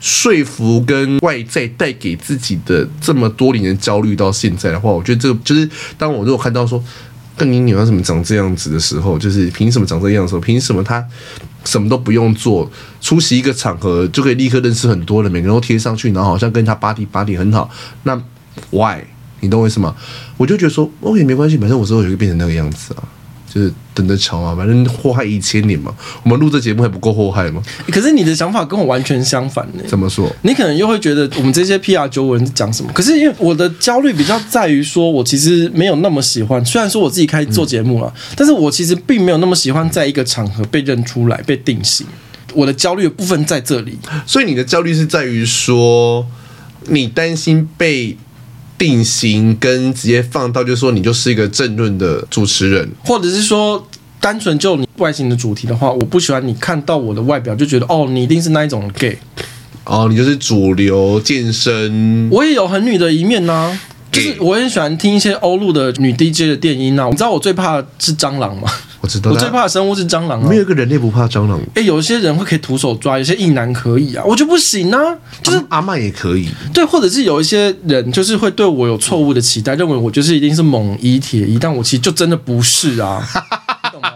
Speaker 1: 說服跟外在帶給自己的這麼多年的焦慮，到現在的話，我覺得這個就是當我如果看到說，鄧英女兒怎麼長這樣子的時候，就是憑什麼長這樣子，憑什麼她。什麼都不用做，出席一個場合就可以立刻認識很多人，每個人都貼上去，然後好像跟他巴蒂巴蒂很好。那 why？你懂我意思嗎？我就覺得說，OK，沒關係，本身我之後就會變成那個樣子啊。就是等着瞧嘛，反正禍害遺千
Speaker 2: 年嘛。我們錄這節目還不夠禍害嗎？可是你的想法跟我完全相反呢、欸。怎麼說？你可能又會覺得我們這些 PR 九五人講什麼？可是因為我的焦慮比較在於說，我其實沒有那麼喜歡。雖然說我自己開始做節目了，但是我其實並沒有那麼喜歡在一個場合被認出來、被定型。我的焦慮的部分在這裡。所以你的焦慮是在於
Speaker 1: 說，你擔心被。定型跟直接放到，就是說你就是一個政論的主持人，
Speaker 2: 或者是說單純就你外形的主題的話，我不喜歡你看到我的外表就覺得哦，你一定是那一種 gay 哦，你就是主流健身。我也有很女的一面吶、啊，就是我也很喜歡聽一些歐陸的女 DJ 的電音吶、啊。你知道我最怕的是蟑螂嗎？我知道，我最怕的生物是蟑螂、哦。沒有一個人類不怕蟑螂。誒、欸，有一些人會可以徒手抓，有些硬男可以啊，我就不行啊。就是、啊、阿嬤也可以，對，或者是有一些人就是會對我有錯誤的期待，嗯、認為我就是一定是猛一鐵一。但我其實就真的不是啊。 你懂嗎？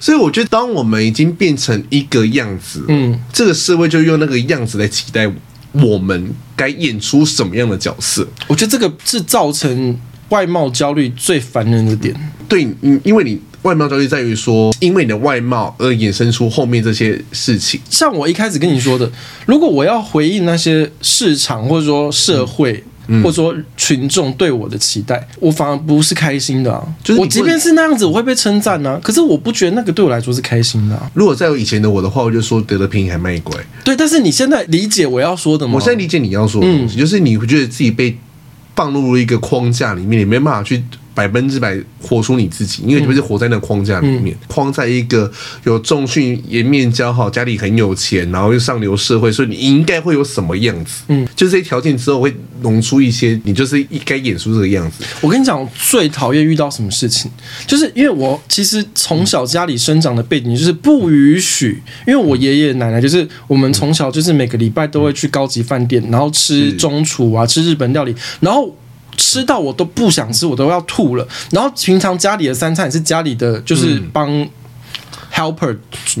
Speaker 2: 所以我覺得，
Speaker 1: 當我們已經變成一個樣子，嗯，這個社會就用那個樣子來期待我們該演出什麼樣的角色。我覺得這個是造成外貌
Speaker 2: 焦慮最煩人的點。嗯、對，嗯，因為你。外貌焦慮在於說，因為你的外貌而衍生出後面這些事情。像我一開始跟你說的，如果我要回應那些市場或者說社會、嗯嗯、或者說群眾對我的期待，我反而不是開心的、啊。就是我即便是那樣子，我會被稱讚啊，可是我不覺得那個對我來說是開心的、啊。如果再有以前的我的話，我就說得了便宜還賣乖。對，但是你現在理解我要說
Speaker 1: 的嗎？我現在理解你要說的東西，嗯、就是你會覺得自己被放入一個框架裡面，你沒辦法去。百分之百活出你自己，因為你不是活在那個框架裡面，嗯嗯、框在一個有重訓、顏面、交好、家裡很有錢，然後又上流社會，所以你應該會有什麼
Speaker 2: 樣子？嗯，就這些條件之後會弄出一些，你就是應該演出這個樣子。我跟你講，我最討厭遇到什麼事情，就是因為我其實從小家裡生長的背景就是不允許，因為我爺爺奶奶就是我們從小就是每個禮拜都會去高級飯店，然後吃中廚啊，是吃日本料理，然後。吃到我都不想吃，我都要吐了。然後平常家裡的三餐也是家裡的，就是幫 helper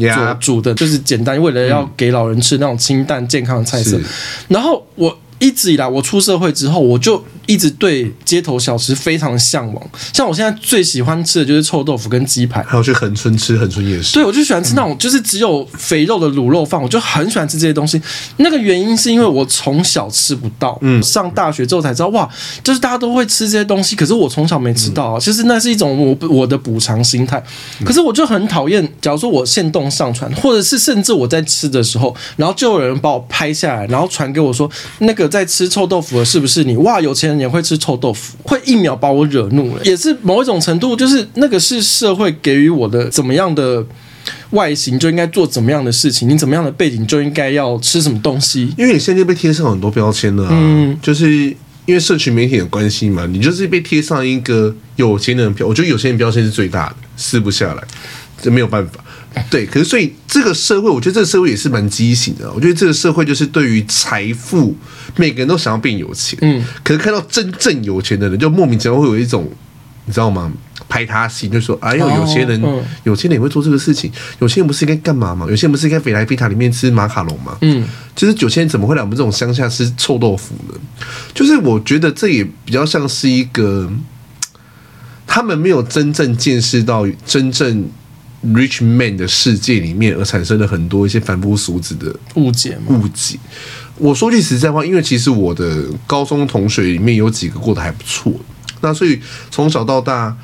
Speaker 2: 做煮的，嗯、就是簡單，為了要給老人吃那種清淡健康的菜色。是然後我。一直以來，我出社會之後，我就一直對街頭小吃非常向往。像我現在最喜歡吃的就是臭豆腐跟雞排，還有去恆春吃恆春夜市。對，我就喜歡吃那種、嗯、就是只有肥肉的滷肉飯，我就很喜歡吃這些東西。那個原因是因為我從小吃不到，嗯，上大學之後才知道，哇，就是大家都會吃這些東西，可是我從小沒吃到、啊，其實、嗯、那是一種我我的補償心態。可是我就很討厭，假如說我限動上傳，或者是甚至我在吃的時候，然後就有人把我拍下來，然後傳給我說那個。在吃臭豆腐的是不是你？哇，有錢人也會吃臭豆腐，會一秒把我惹怒了，欸。也是某一種程度，就是那個是社會給予我的怎麼樣的外型就應該做怎麼樣的事情，你怎麼樣的背景就應該要吃什麼東西。因為你現在被貼
Speaker 1: 上很多標籤了，
Speaker 2: 啊，嗯，就是因為社群媒體的關係嘛，你就是被貼上一
Speaker 1: 個有錢人標，我覺得有錢人標籤是最大的，撕不下來，這沒有辦法。對，可是所以這個社會，我覺得這個社會也是蠻畸形的。我覺得這個社會就是對於財富，每個人都想要變有錢。嗯，可是看到真正有錢的人，就莫名其妙會有一種，你知道嗎？排他性，就說哎呦，有錢人，有錢人也會做這個事情。哦哦哦，有錢人不是應該幹嘛嗎？有錢人不是應該飛來飛塔裡面吃馬卡龍嗎？嗯，就是有錢人怎麼會來我們這種鄉下吃臭豆腐呢？就是我覺得這也比較像是一個，他們沒有真正見識到真正，Rich man 的世界裡面，而產生了很多一些凡夫俗子的誤解誤解。我說句實在話，因為其實我的高中同學裡面有幾個過得還不錯，那所以從小到大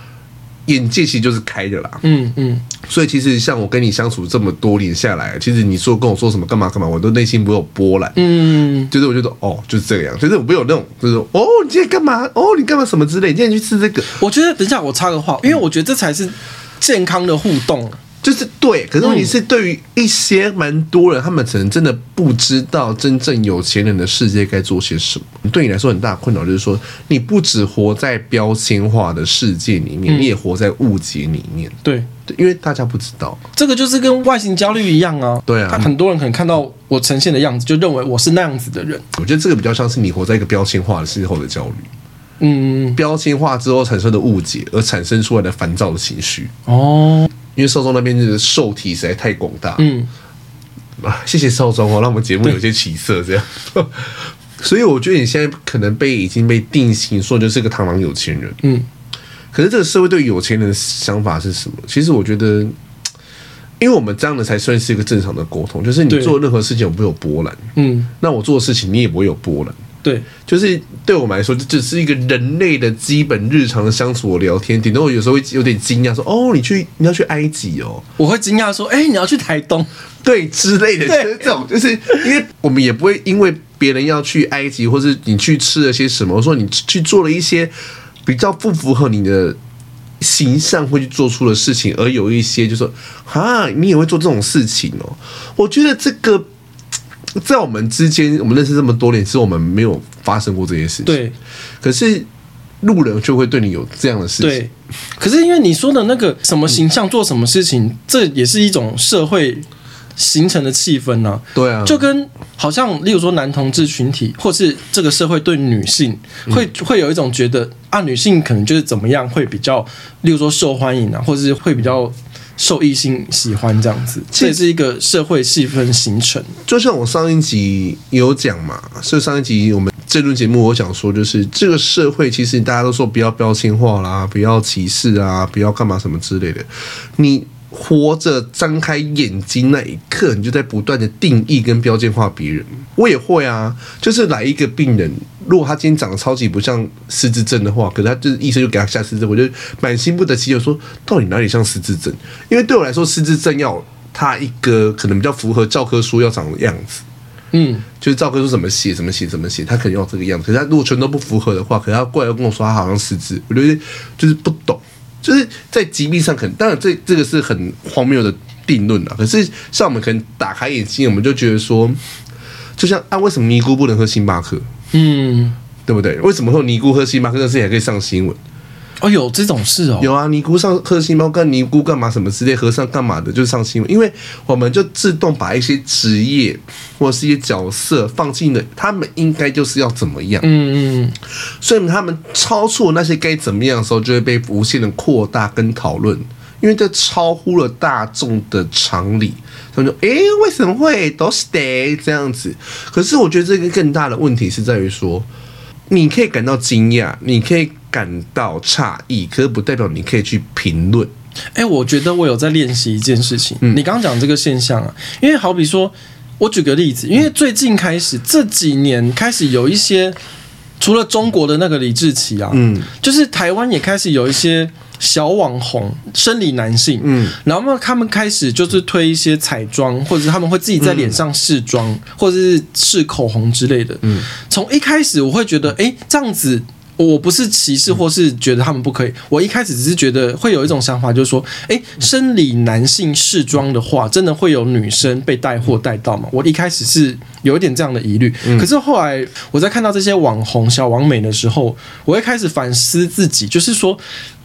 Speaker 1: 眼界其實就是開的啦。嗯嗯，
Speaker 2: 嗯，
Speaker 1: 所以其實像我跟你相處這麼多年下來，其實你說跟我說什麼幹嘛幹嘛，我都內心不會有波瀾。
Speaker 2: 嗯，
Speaker 1: 就是我覺得哦，就是這個樣，就是我沒有那種就是說哦，你今天幹嘛？哦，你幹嘛什麼之類？你今天去吃這個？
Speaker 2: 我覺得，等一下我插個話，因為我覺得這才是。嗯。健康的互動就是對，可是問題是
Speaker 1: 對於一些蠻多人，嗯、他們可能真的不知道真正有錢人的世界該做些什麼。對你來說很大的困擾就是說，你不只活在標籤化的世界裡面，嗯、你也活在誤解裡面。對，對，因為大家不知道、啊，
Speaker 2: 這個就是跟外型焦慮一樣啊。對啊，他很多人可能看到我呈現的樣子，就認為我是那樣子的人。
Speaker 1: 我覺得這個比較像是你活在一個標籤化的時候的焦慮。
Speaker 2: 嗯，嗯，標籤化之後產
Speaker 1: 生的誤解，而產生出來的煩躁的情緒。哦，因為少莊那邊的受體實在太廣大。嗯，嗯，啊，謝謝少莊哦，讓我們節目有些起色這樣。對 所以我覺得你現在可能被已經被定型，說就是個螳螂有錢人。嗯，
Speaker 2: 嗯，
Speaker 1: 可是這個社會對有錢人的想法是什麼？其實我覺得，因為我們這樣的才算是一個正常的溝通，就是你做任何事情不會有波瀾。嗯，嗯，那我做的事情你也不會有波瀾。對，就是對我們來說，這、就、只是一個人類的基本日常的相處、聊天。頂多有時候會有點驚訝，說：“哦，你去你要去埃及哦。”我會驚訝說：“
Speaker 2: 哎，你要去台東？”對之類的對這
Speaker 1: 種，就是因為我們也不會因為別人要去埃及，或是你去吃了些什麼，說你去做了一些比較不符合你的形象會去做出的事情，而有一些就說、是：“啊，你也會做這種事情哦。”我覺得這個。在我們之間，我們認識這麼
Speaker 2: 多年，其實我們沒有發生過這些事情。對，可是路人就會對你有這樣的事情。對，可是因為你說的那個什麼形象，做什麼事情，嗯，這也是一種社會形成的氣氛呢，啊。對啊，就跟好像例如說男同志群體，或是這個社會對女性會會有一種覺得啊，女性可能就是怎麼樣會比較，例如說受歡迎啊，或是會比較。嗯。受異性喜歡這樣子，這也是一個社會細分形成。就像我上一集有講嘛，
Speaker 1: 所以上一集我們政論節目，我想說就是這個社會，其實大家都說不要標籤化啦，不要歧視啊，不要幹嘛什麼之類的。你活着張開眼睛那一刻，你就在不斷的定義跟標籤化別人。我也會啊，就是來一個病人。如果他今天長得超級不像失智症的話，可是他就是醫生就給他下失智，我就滿心不得其解，說到底哪裡像失智症？因為對我來說，失智症要他一個可能比較符合教科書要長的樣子，嗯，就是教科書怎麼寫怎麼寫怎麼寫，他可能要這個樣子。可是他如果全都不符合的話，可他過來跟我說他好像失智，我覺得就是不懂，就是在疾病上可能當然這這個是很荒謬的定論了。可是像我們可能打開眼睛，我們就覺得說，就像啊，為什麼尼姑不能喝星巴克？
Speaker 2: 嗯，
Speaker 1: 對不對？為什麼說尼姑喝星巴克的事情還可以上新聞？哦，有這種事哦，有啊。尼姑上喝星巴克，尼姑幹嘛什麼之類，和尚幹嘛的就上新聞。因為我們就自動把一些職業或是一些角色放進了，他們應該就是要怎麼樣。嗯嗯嗯。所以他們超出那些該怎麼樣的時候，就會被無限的擴大跟討論。因為這超乎了大眾的常理，他們說：“誒、欸，為什麼會都 stay 這樣子？”可是我覺得這個更大的問題是在於說，你可以感到驚訝，你可以感到詫
Speaker 2: 異，可是不代表你可以去評論。誒、欸，我覺得我有在練習一件事情。嗯，你剛剛講這個現象啊，因為好比說，我舉個例子，因為最近開始這幾年開始有一些，除了中國的那個李治齊啊，嗯，就是台灣也開始有一些。小網紅，生理男性，嗯，然後他們開始就是推一些彩妝，或者他們會自己在臉上試妝，或者是試口紅之類的，嗯，從一開始我會覺得，哎、欸，這樣子。我不是歧視，或是覺得他們不可以。我一開始只是覺得會有一種想法，就是說，哎、欸，生理男性試裝的話，真的會有女生被帶貨帶到嗎？我一開始是有一點這樣的疑慮。可是後來我在看到這些網紅小網美的時候，我會開始反思自己，就是說，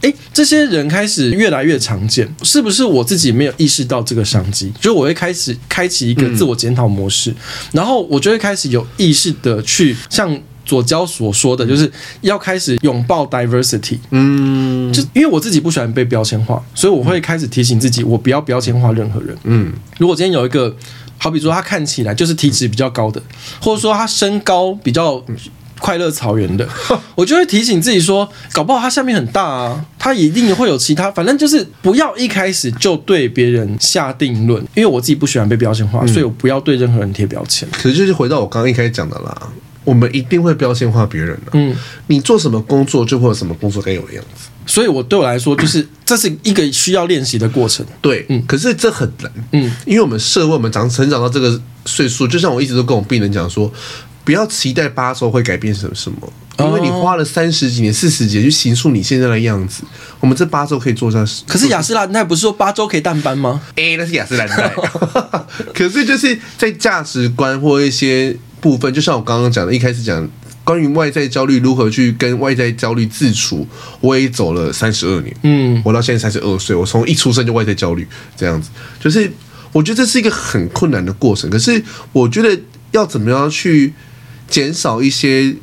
Speaker 2: 哎、欸，這些人開始越來越常見，是不是我自己沒有意識到這個商機？就我會開始開啟一個自我檢討模式，嗯、然後我就會開始有意識的去像。左交所說的，就是要開始擁抱 diversity。嗯，就因為我自己不喜歡被標籤化，所以我會開始提醒自己，我不要標籤化任何人。嗯，如果今天有一個，好比說他看起來就是體脂比較高的，或者說他身高比較快樂草原的，我就會提醒自己說，搞不好他下面很大啊，他一定會有其他。反正就是不要一開始就對別人下定論，因為我自己不喜歡被標籤化，所以我不要對任何人貼標籤。嗯，可是就是回到我剛剛一開始講的啦。
Speaker 1: 我們一定會標籤化別人的。嗯，你做什麼工作就會有什麼工作該有的樣
Speaker 2: 子。所以，我對我來說，就是 這是一個需要練習的過程。對，嗯，可是這很難，嗯，
Speaker 1: 因為我們社會，我們長成長到這個歲數，就像我一直都跟我病人講說，不要期待八周會改變什麼什麼，因為你花了三十幾年、四十幾年去形塑你現在的樣子，我們這八周
Speaker 2: 可以做到。可是雅詩蘭黛不是說八周可以淡斑嗎？誒、欸，那是雅詩蘭黛。
Speaker 1: 可是就是在價值觀或一些。部分，就像我剛剛講的，一開始講關於外在焦慮如何去跟外在焦慮自處，我也走了三十二年。嗯，我到現在三十二歲，我從一出生就外在焦慮這樣子，就是我覺得這是一個很困難的過程。可是我覺得要怎麼樣去減少一些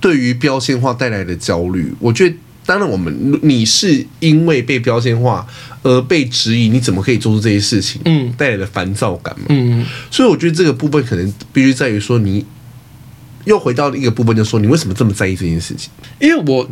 Speaker 1: 對於標籤化帶來的焦慮，我覺得。當然，我們你是因為被標籤化而被質疑，你怎麼可以做出這些事情？嗯，帶來的煩躁感嘛。嗯，所以我覺得這個部分可能必須在於說，你
Speaker 2: 又回到了一個部分，就說你為什麼這麼在意這件事情？因為我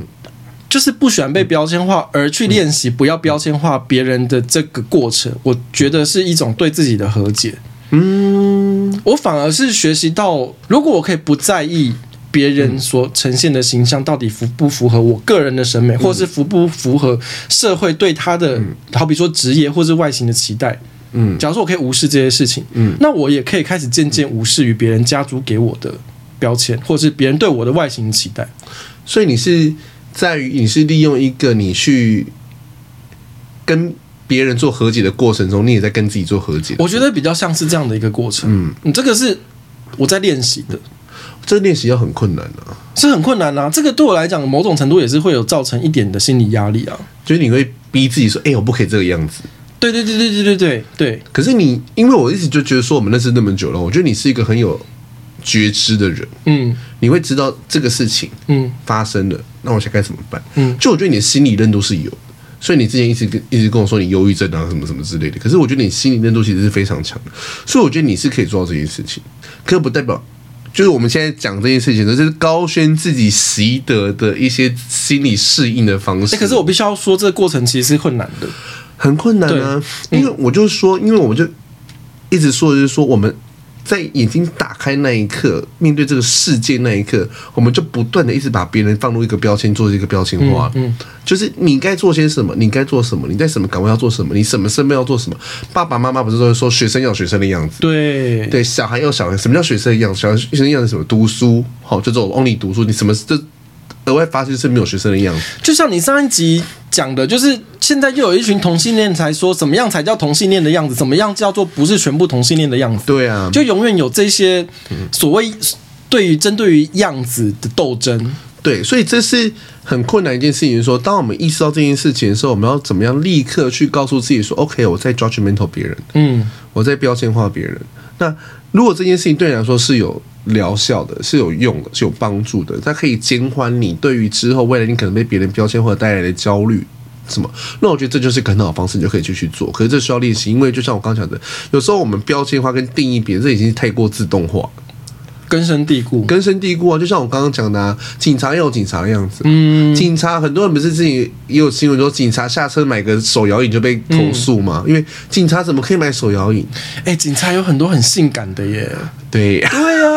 Speaker 2: 就是不喜歡被標籤化，而去練習不要標籤化別人的這個過程，我覺得是一種對自己的和解。嗯，我反而是學習到，如果我可以不在意。別人所呈現的形象到底符不符合我個人的審美，或是符不符合社會對他的好比說職業或是外形的期待？嗯，假如說我可以無視這些事情，嗯，那我也可以開始漸漸無視於別人家族給我的標籤，或是別人對我的外形的期待。所以你是在於你是利用一個你去跟別人做和解的過程中，你也在跟自己做和解。我覺得比較像是這樣的一個過程。嗯，你這個是我在練習的。這練習要很困難呢？啊，是很困難啊！這個對我來講，某種程度也是會有造成一點的心理壓力啊。就是你會逼自己說：“哎、欸，我不可以這個樣子。”對對對對對對對對。對，可是你，
Speaker 1: 因為我一直就覺得說我們認識那麼久了，我覺得你是一個很有覺知的人。嗯，你會知道這個事情嗯發生了，那、嗯、我想該怎麼辦？嗯，就我覺得你的心理韌度是有，所以你之前一直跟一直跟我說你憂鬱症啊什麼什麼之類的。可是我覺得你心理韌度其實是非常強的，所以我覺得你是可以做到這件事情，可不代表。就是我們現在講這件事情，就是高軒自己習得的一些心理適應的方式。可是我必須要說，這個過程其實是困難的，很困難啊！因為我就說，因為我們就一直說，就是說我們。在眼睛打開那一刻，面對這個世界那一刻，我們就不斷的一直把別人放入一個標籤，做一個標籤化嗯。嗯，就是你該做些什麼，你該做什麼，你在什麼崗位要做什麼，你什麼身份要做什麼。爸爸媽媽不是說說學生要學生的樣子，對對，小孩要小孩。什麼叫學生的樣子？小孩學生的樣子什麼？讀書好，就我 only 讀書。你什麼這？額會發現是沒有學生的樣子，
Speaker 2: 就像你上一集講的，就是現在又有一群同性戀才說怎麼樣才叫同性戀的樣子，怎麼樣叫做不是全部同性戀的樣子。對啊，就永遠有這些所謂對於針、嗯、針對於樣子的鬥爭。對，所以這是很困難的一件事情。就是、說當我們意識到
Speaker 1: 這件事情的時候，我們要怎麼樣立刻去告訴自己說：“OK，我在 judgmental 別人，
Speaker 2: 嗯，
Speaker 1: 我在標籤化別人。那”那如果這件事情對你來說是有。療效的是有用的，是有幫助的。它可以減緩你對於之後未來你可能被別人標籤或者帶來的焦慮什麼。那我覺得這就是個很好的方式，你就可以繼續做。可是這需要練習，因為就像我剛講的，有時候我們標籤化跟定義別人，這已經是太過自動化。根深蒂固，根深蒂固啊！就像我剛剛講的，啊，警察也有警察的樣子。嗯，警察很多人不是自己也有新聞說，警察下車買個手搖飲就被投訴嗎？嗯，因為警察怎麼可以買手搖飲？
Speaker 2: 哎、欸，警察有很多很性感的耶。
Speaker 1: 對對啊，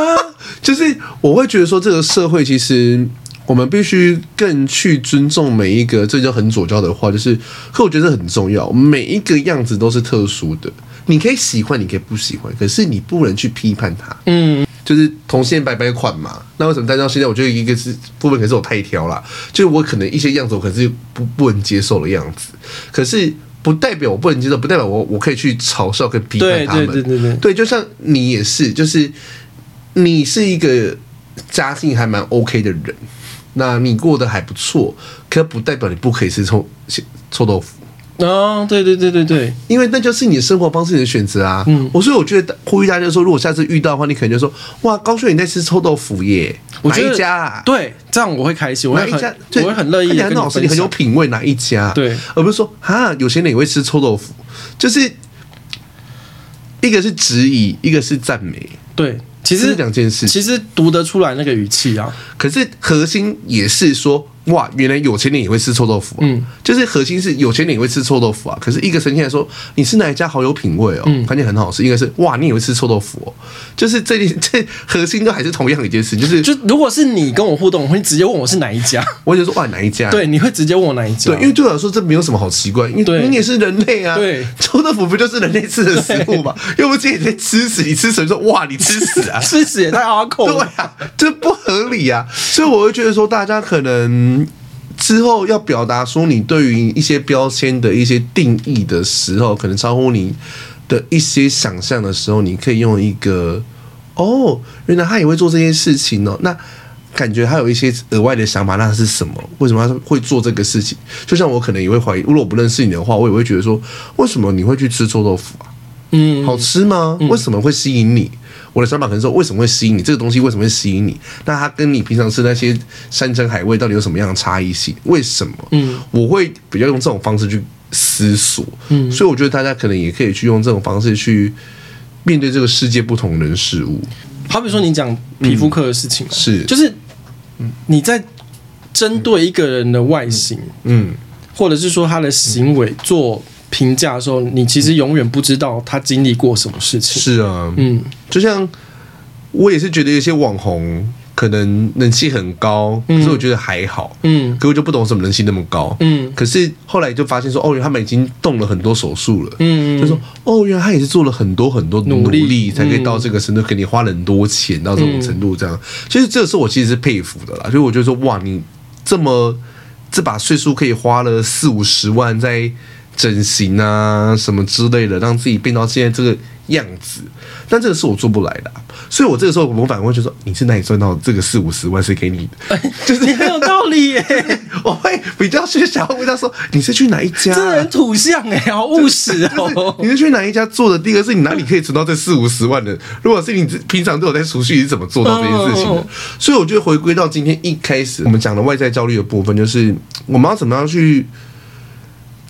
Speaker 1: 就是我會覺得說，這個社會其實我們必須更去尊重每一個。這就很左教的話，就是，可我覺得這很重要。每一個樣子都是特殊的，你可以喜歡，你可以不喜歡，可是你不能去批判它。嗯。就是同性白白款嘛，那為什麼單到現在？我覺得一個是部分，可能是我太挑了，就是我可能一些樣子，我可能是不不能接受的樣子，可是不代表我不能接受，不代表我我可以去嘲笑跟批判他們。對，對，對，對，對，對，就像你也是，就是你是一個家境還蠻 OK 的人，那你過得還不錯，可不代表你不可以吃臭臭豆腐。哦，對對對對對，因為那就是你的生活方式，你的選擇啊。嗯，所以我覺得呼籲大家就是說，如果下次遇到的話，你可能就說：“哇，高軒，你在吃臭豆腐耶，我覺得哪一家？啊？”對，這樣我會開心，我一家，我會很會很樂意跟。跟老師你很有品味，哪一家？對，而不是說啊，有些人也會吃臭豆腐，就是一個是質疑，一個是讚美。
Speaker 2: 對，其實是兩
Speaker 1: 件事。其實讀得出來那個語氣啊，可是核心也是說。哇，原來有錢人也會吃臭豆腐，啊，嗯，就是核心是有錢人也會吃臭豆腐啊。可是一個神仙來說，你是哪一家好有品味哦，看起來，嗯、很好吃，應該是哇，你也會吃臭豆腐哦，就是這近這核心都還是同樣一件事，就是就
Speaker 2: 如果是你跟我互動，我會直接問我是哪一家，我就說哇哪一家，啊，對，你會直接問我哪一家，對，因為
Speaker 1: 對我來說這沒有什麼好奇怪，因為你也是
Speaker 2: 人類啊，對臭
Speaker 1: 豆腐不就是人類吃的食物嘛，又不自己在吃屎，你吃屎說哇你吃屎啊， 吃屎也太拗口，對啊，這不合理啊， 所以我會覺得說大家可能。之後要表達說你對於一些標籤的一些定義的時候，可能超乎你的一些想象的時候，你可以用一個哦，原來他也會做這件事情哦。那感覺他有一些額外的想法，那是什麼？為什麼他會做這個事情？就像我可能也會懷疑，如果我不認識你的話，我也會覺得說，為什麼你會去吃臭豆腐啊？嗯，嗯，好吃嗎？為什麼會吸引你？我的想法可能說，為什麼會吸引你？這個東西為什麼會吸引你？那它跟你平常吃那些山珍海味到底有什麼樣的差異性？為什麼？嗯，我會比較用這種方式去思索。嗯，所以我覺得大家可能也可以去用這種方式去
Speaker 2: 面對這個世界不同的人事物。好比說你講皮膚科的事情是，嗯、就是，你在針對一個人的外型，嗯，或者是說他的行為做。評價說你其實永遠不知道他經歷過什麼事情。是啊，嗯，就像我也是覺得有些網紅可
Speaker 1: 能人氣很高，嗯、可是我覺得還好，嗯，可我就不懂什麼人氣那麼高，嗯，可是後來就發現說，哦，原來他們已經動了很多手術了，嗯，就說，哦，原來他也是做了很多很多努力才可以到這個程度，給你花很多錢、嗯、到這種程度，這樣，其實、嗯、這是我其實是佩服的啦，所以我就說，哇，你這麼這把歲數可以花了四五十萬在。整形啊，什麼之類的，讓自己變到現在這個樣子，但這個是我做不來的、啊，所以我這個時候我反問，說你是哪裡賺到這個四五十萬？誰給你的、欸？就是你很有道理、欸， 我會比較去想要問他說，你是去哪一家？真的很土象哎、欸，好務實哦、喔 就是。你是去哪一家做的？第一個是你哪裡可以存到這四五十萬的？如果是你平常都有在儲蓄，你是怎麼做到這件事情的？哦哦，所以我覺得回歸到今天一開始我們講的外在焦慮的部分，就是我們要怎麼樣去。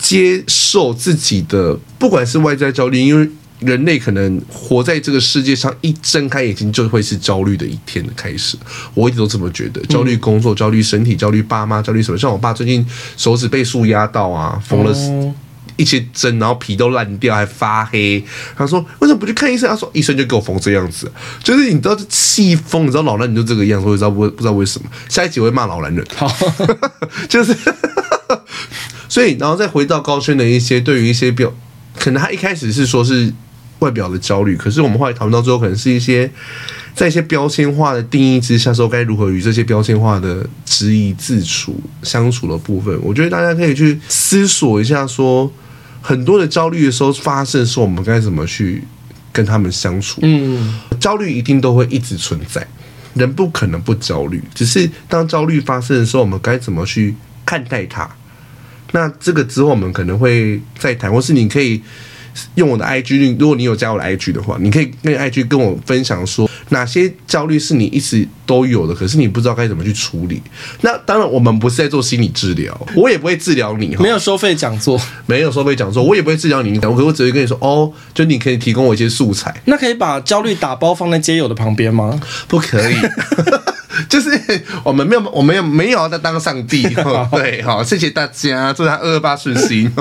Speaker 1: 接受自己的，不管是外在焦慮，因為人類可能活在這個世界上，一睜開眼睛就會是焦慮的一天的開始。我一直都這麼覺得，焦慮工作，焦慮身體，焦慮爸媽，焦慮什麼？像我爸最近手指被樹壓到啊，縫了，一些針，然後皮都爛掉，還發黑。他說：“為什麼不去看醫生？”他說：“醫生就給我縫這樣子。”就是你知道，氣瘋，你知道老男人就這個樣子，我也知道不不知道為什麼。下一集我會罵老男人，好 就是。 所以，然後再回到高軒的一些對於一些表，可能他一開始是說是外表的焦慮，可是我們後來討論到最後，可能是一些在一些標籤化的定義之下，說該如何與這些標籤化的質疑自處相處的部分。我覺得大家可以去思索一下說，說很多的焦慮的時候發生的時候，我們該怎麼去跟他們相處？嗯，焦慮一定都會一直存在，人不可能不焦慮，只是當焦慮發生的時候，我們該怎麼去看待它？那這個之後，我們可能會再談，或是你可以用我的 IG，如果你有加我的 IG 的話，你可以那個 IG 跟我分享說，哪些焦慮是你一直都有的，可是你不知道該怎麼去處理。那當然，我們不是在做心理治療，我也不會治療你。沒有收費講座，沒有收費講座，我也不會治療你。我可我只會跟你說，哦，就你可以提供我一些素材。
Speaker 2: 那可以把焦慮打包放在街友的旁邊嗎？不可以。 就是我們沒有，我們沒有沒有要再當上帝，對，好，謝謝大家，祝他
Speaker 1: 二二八順心。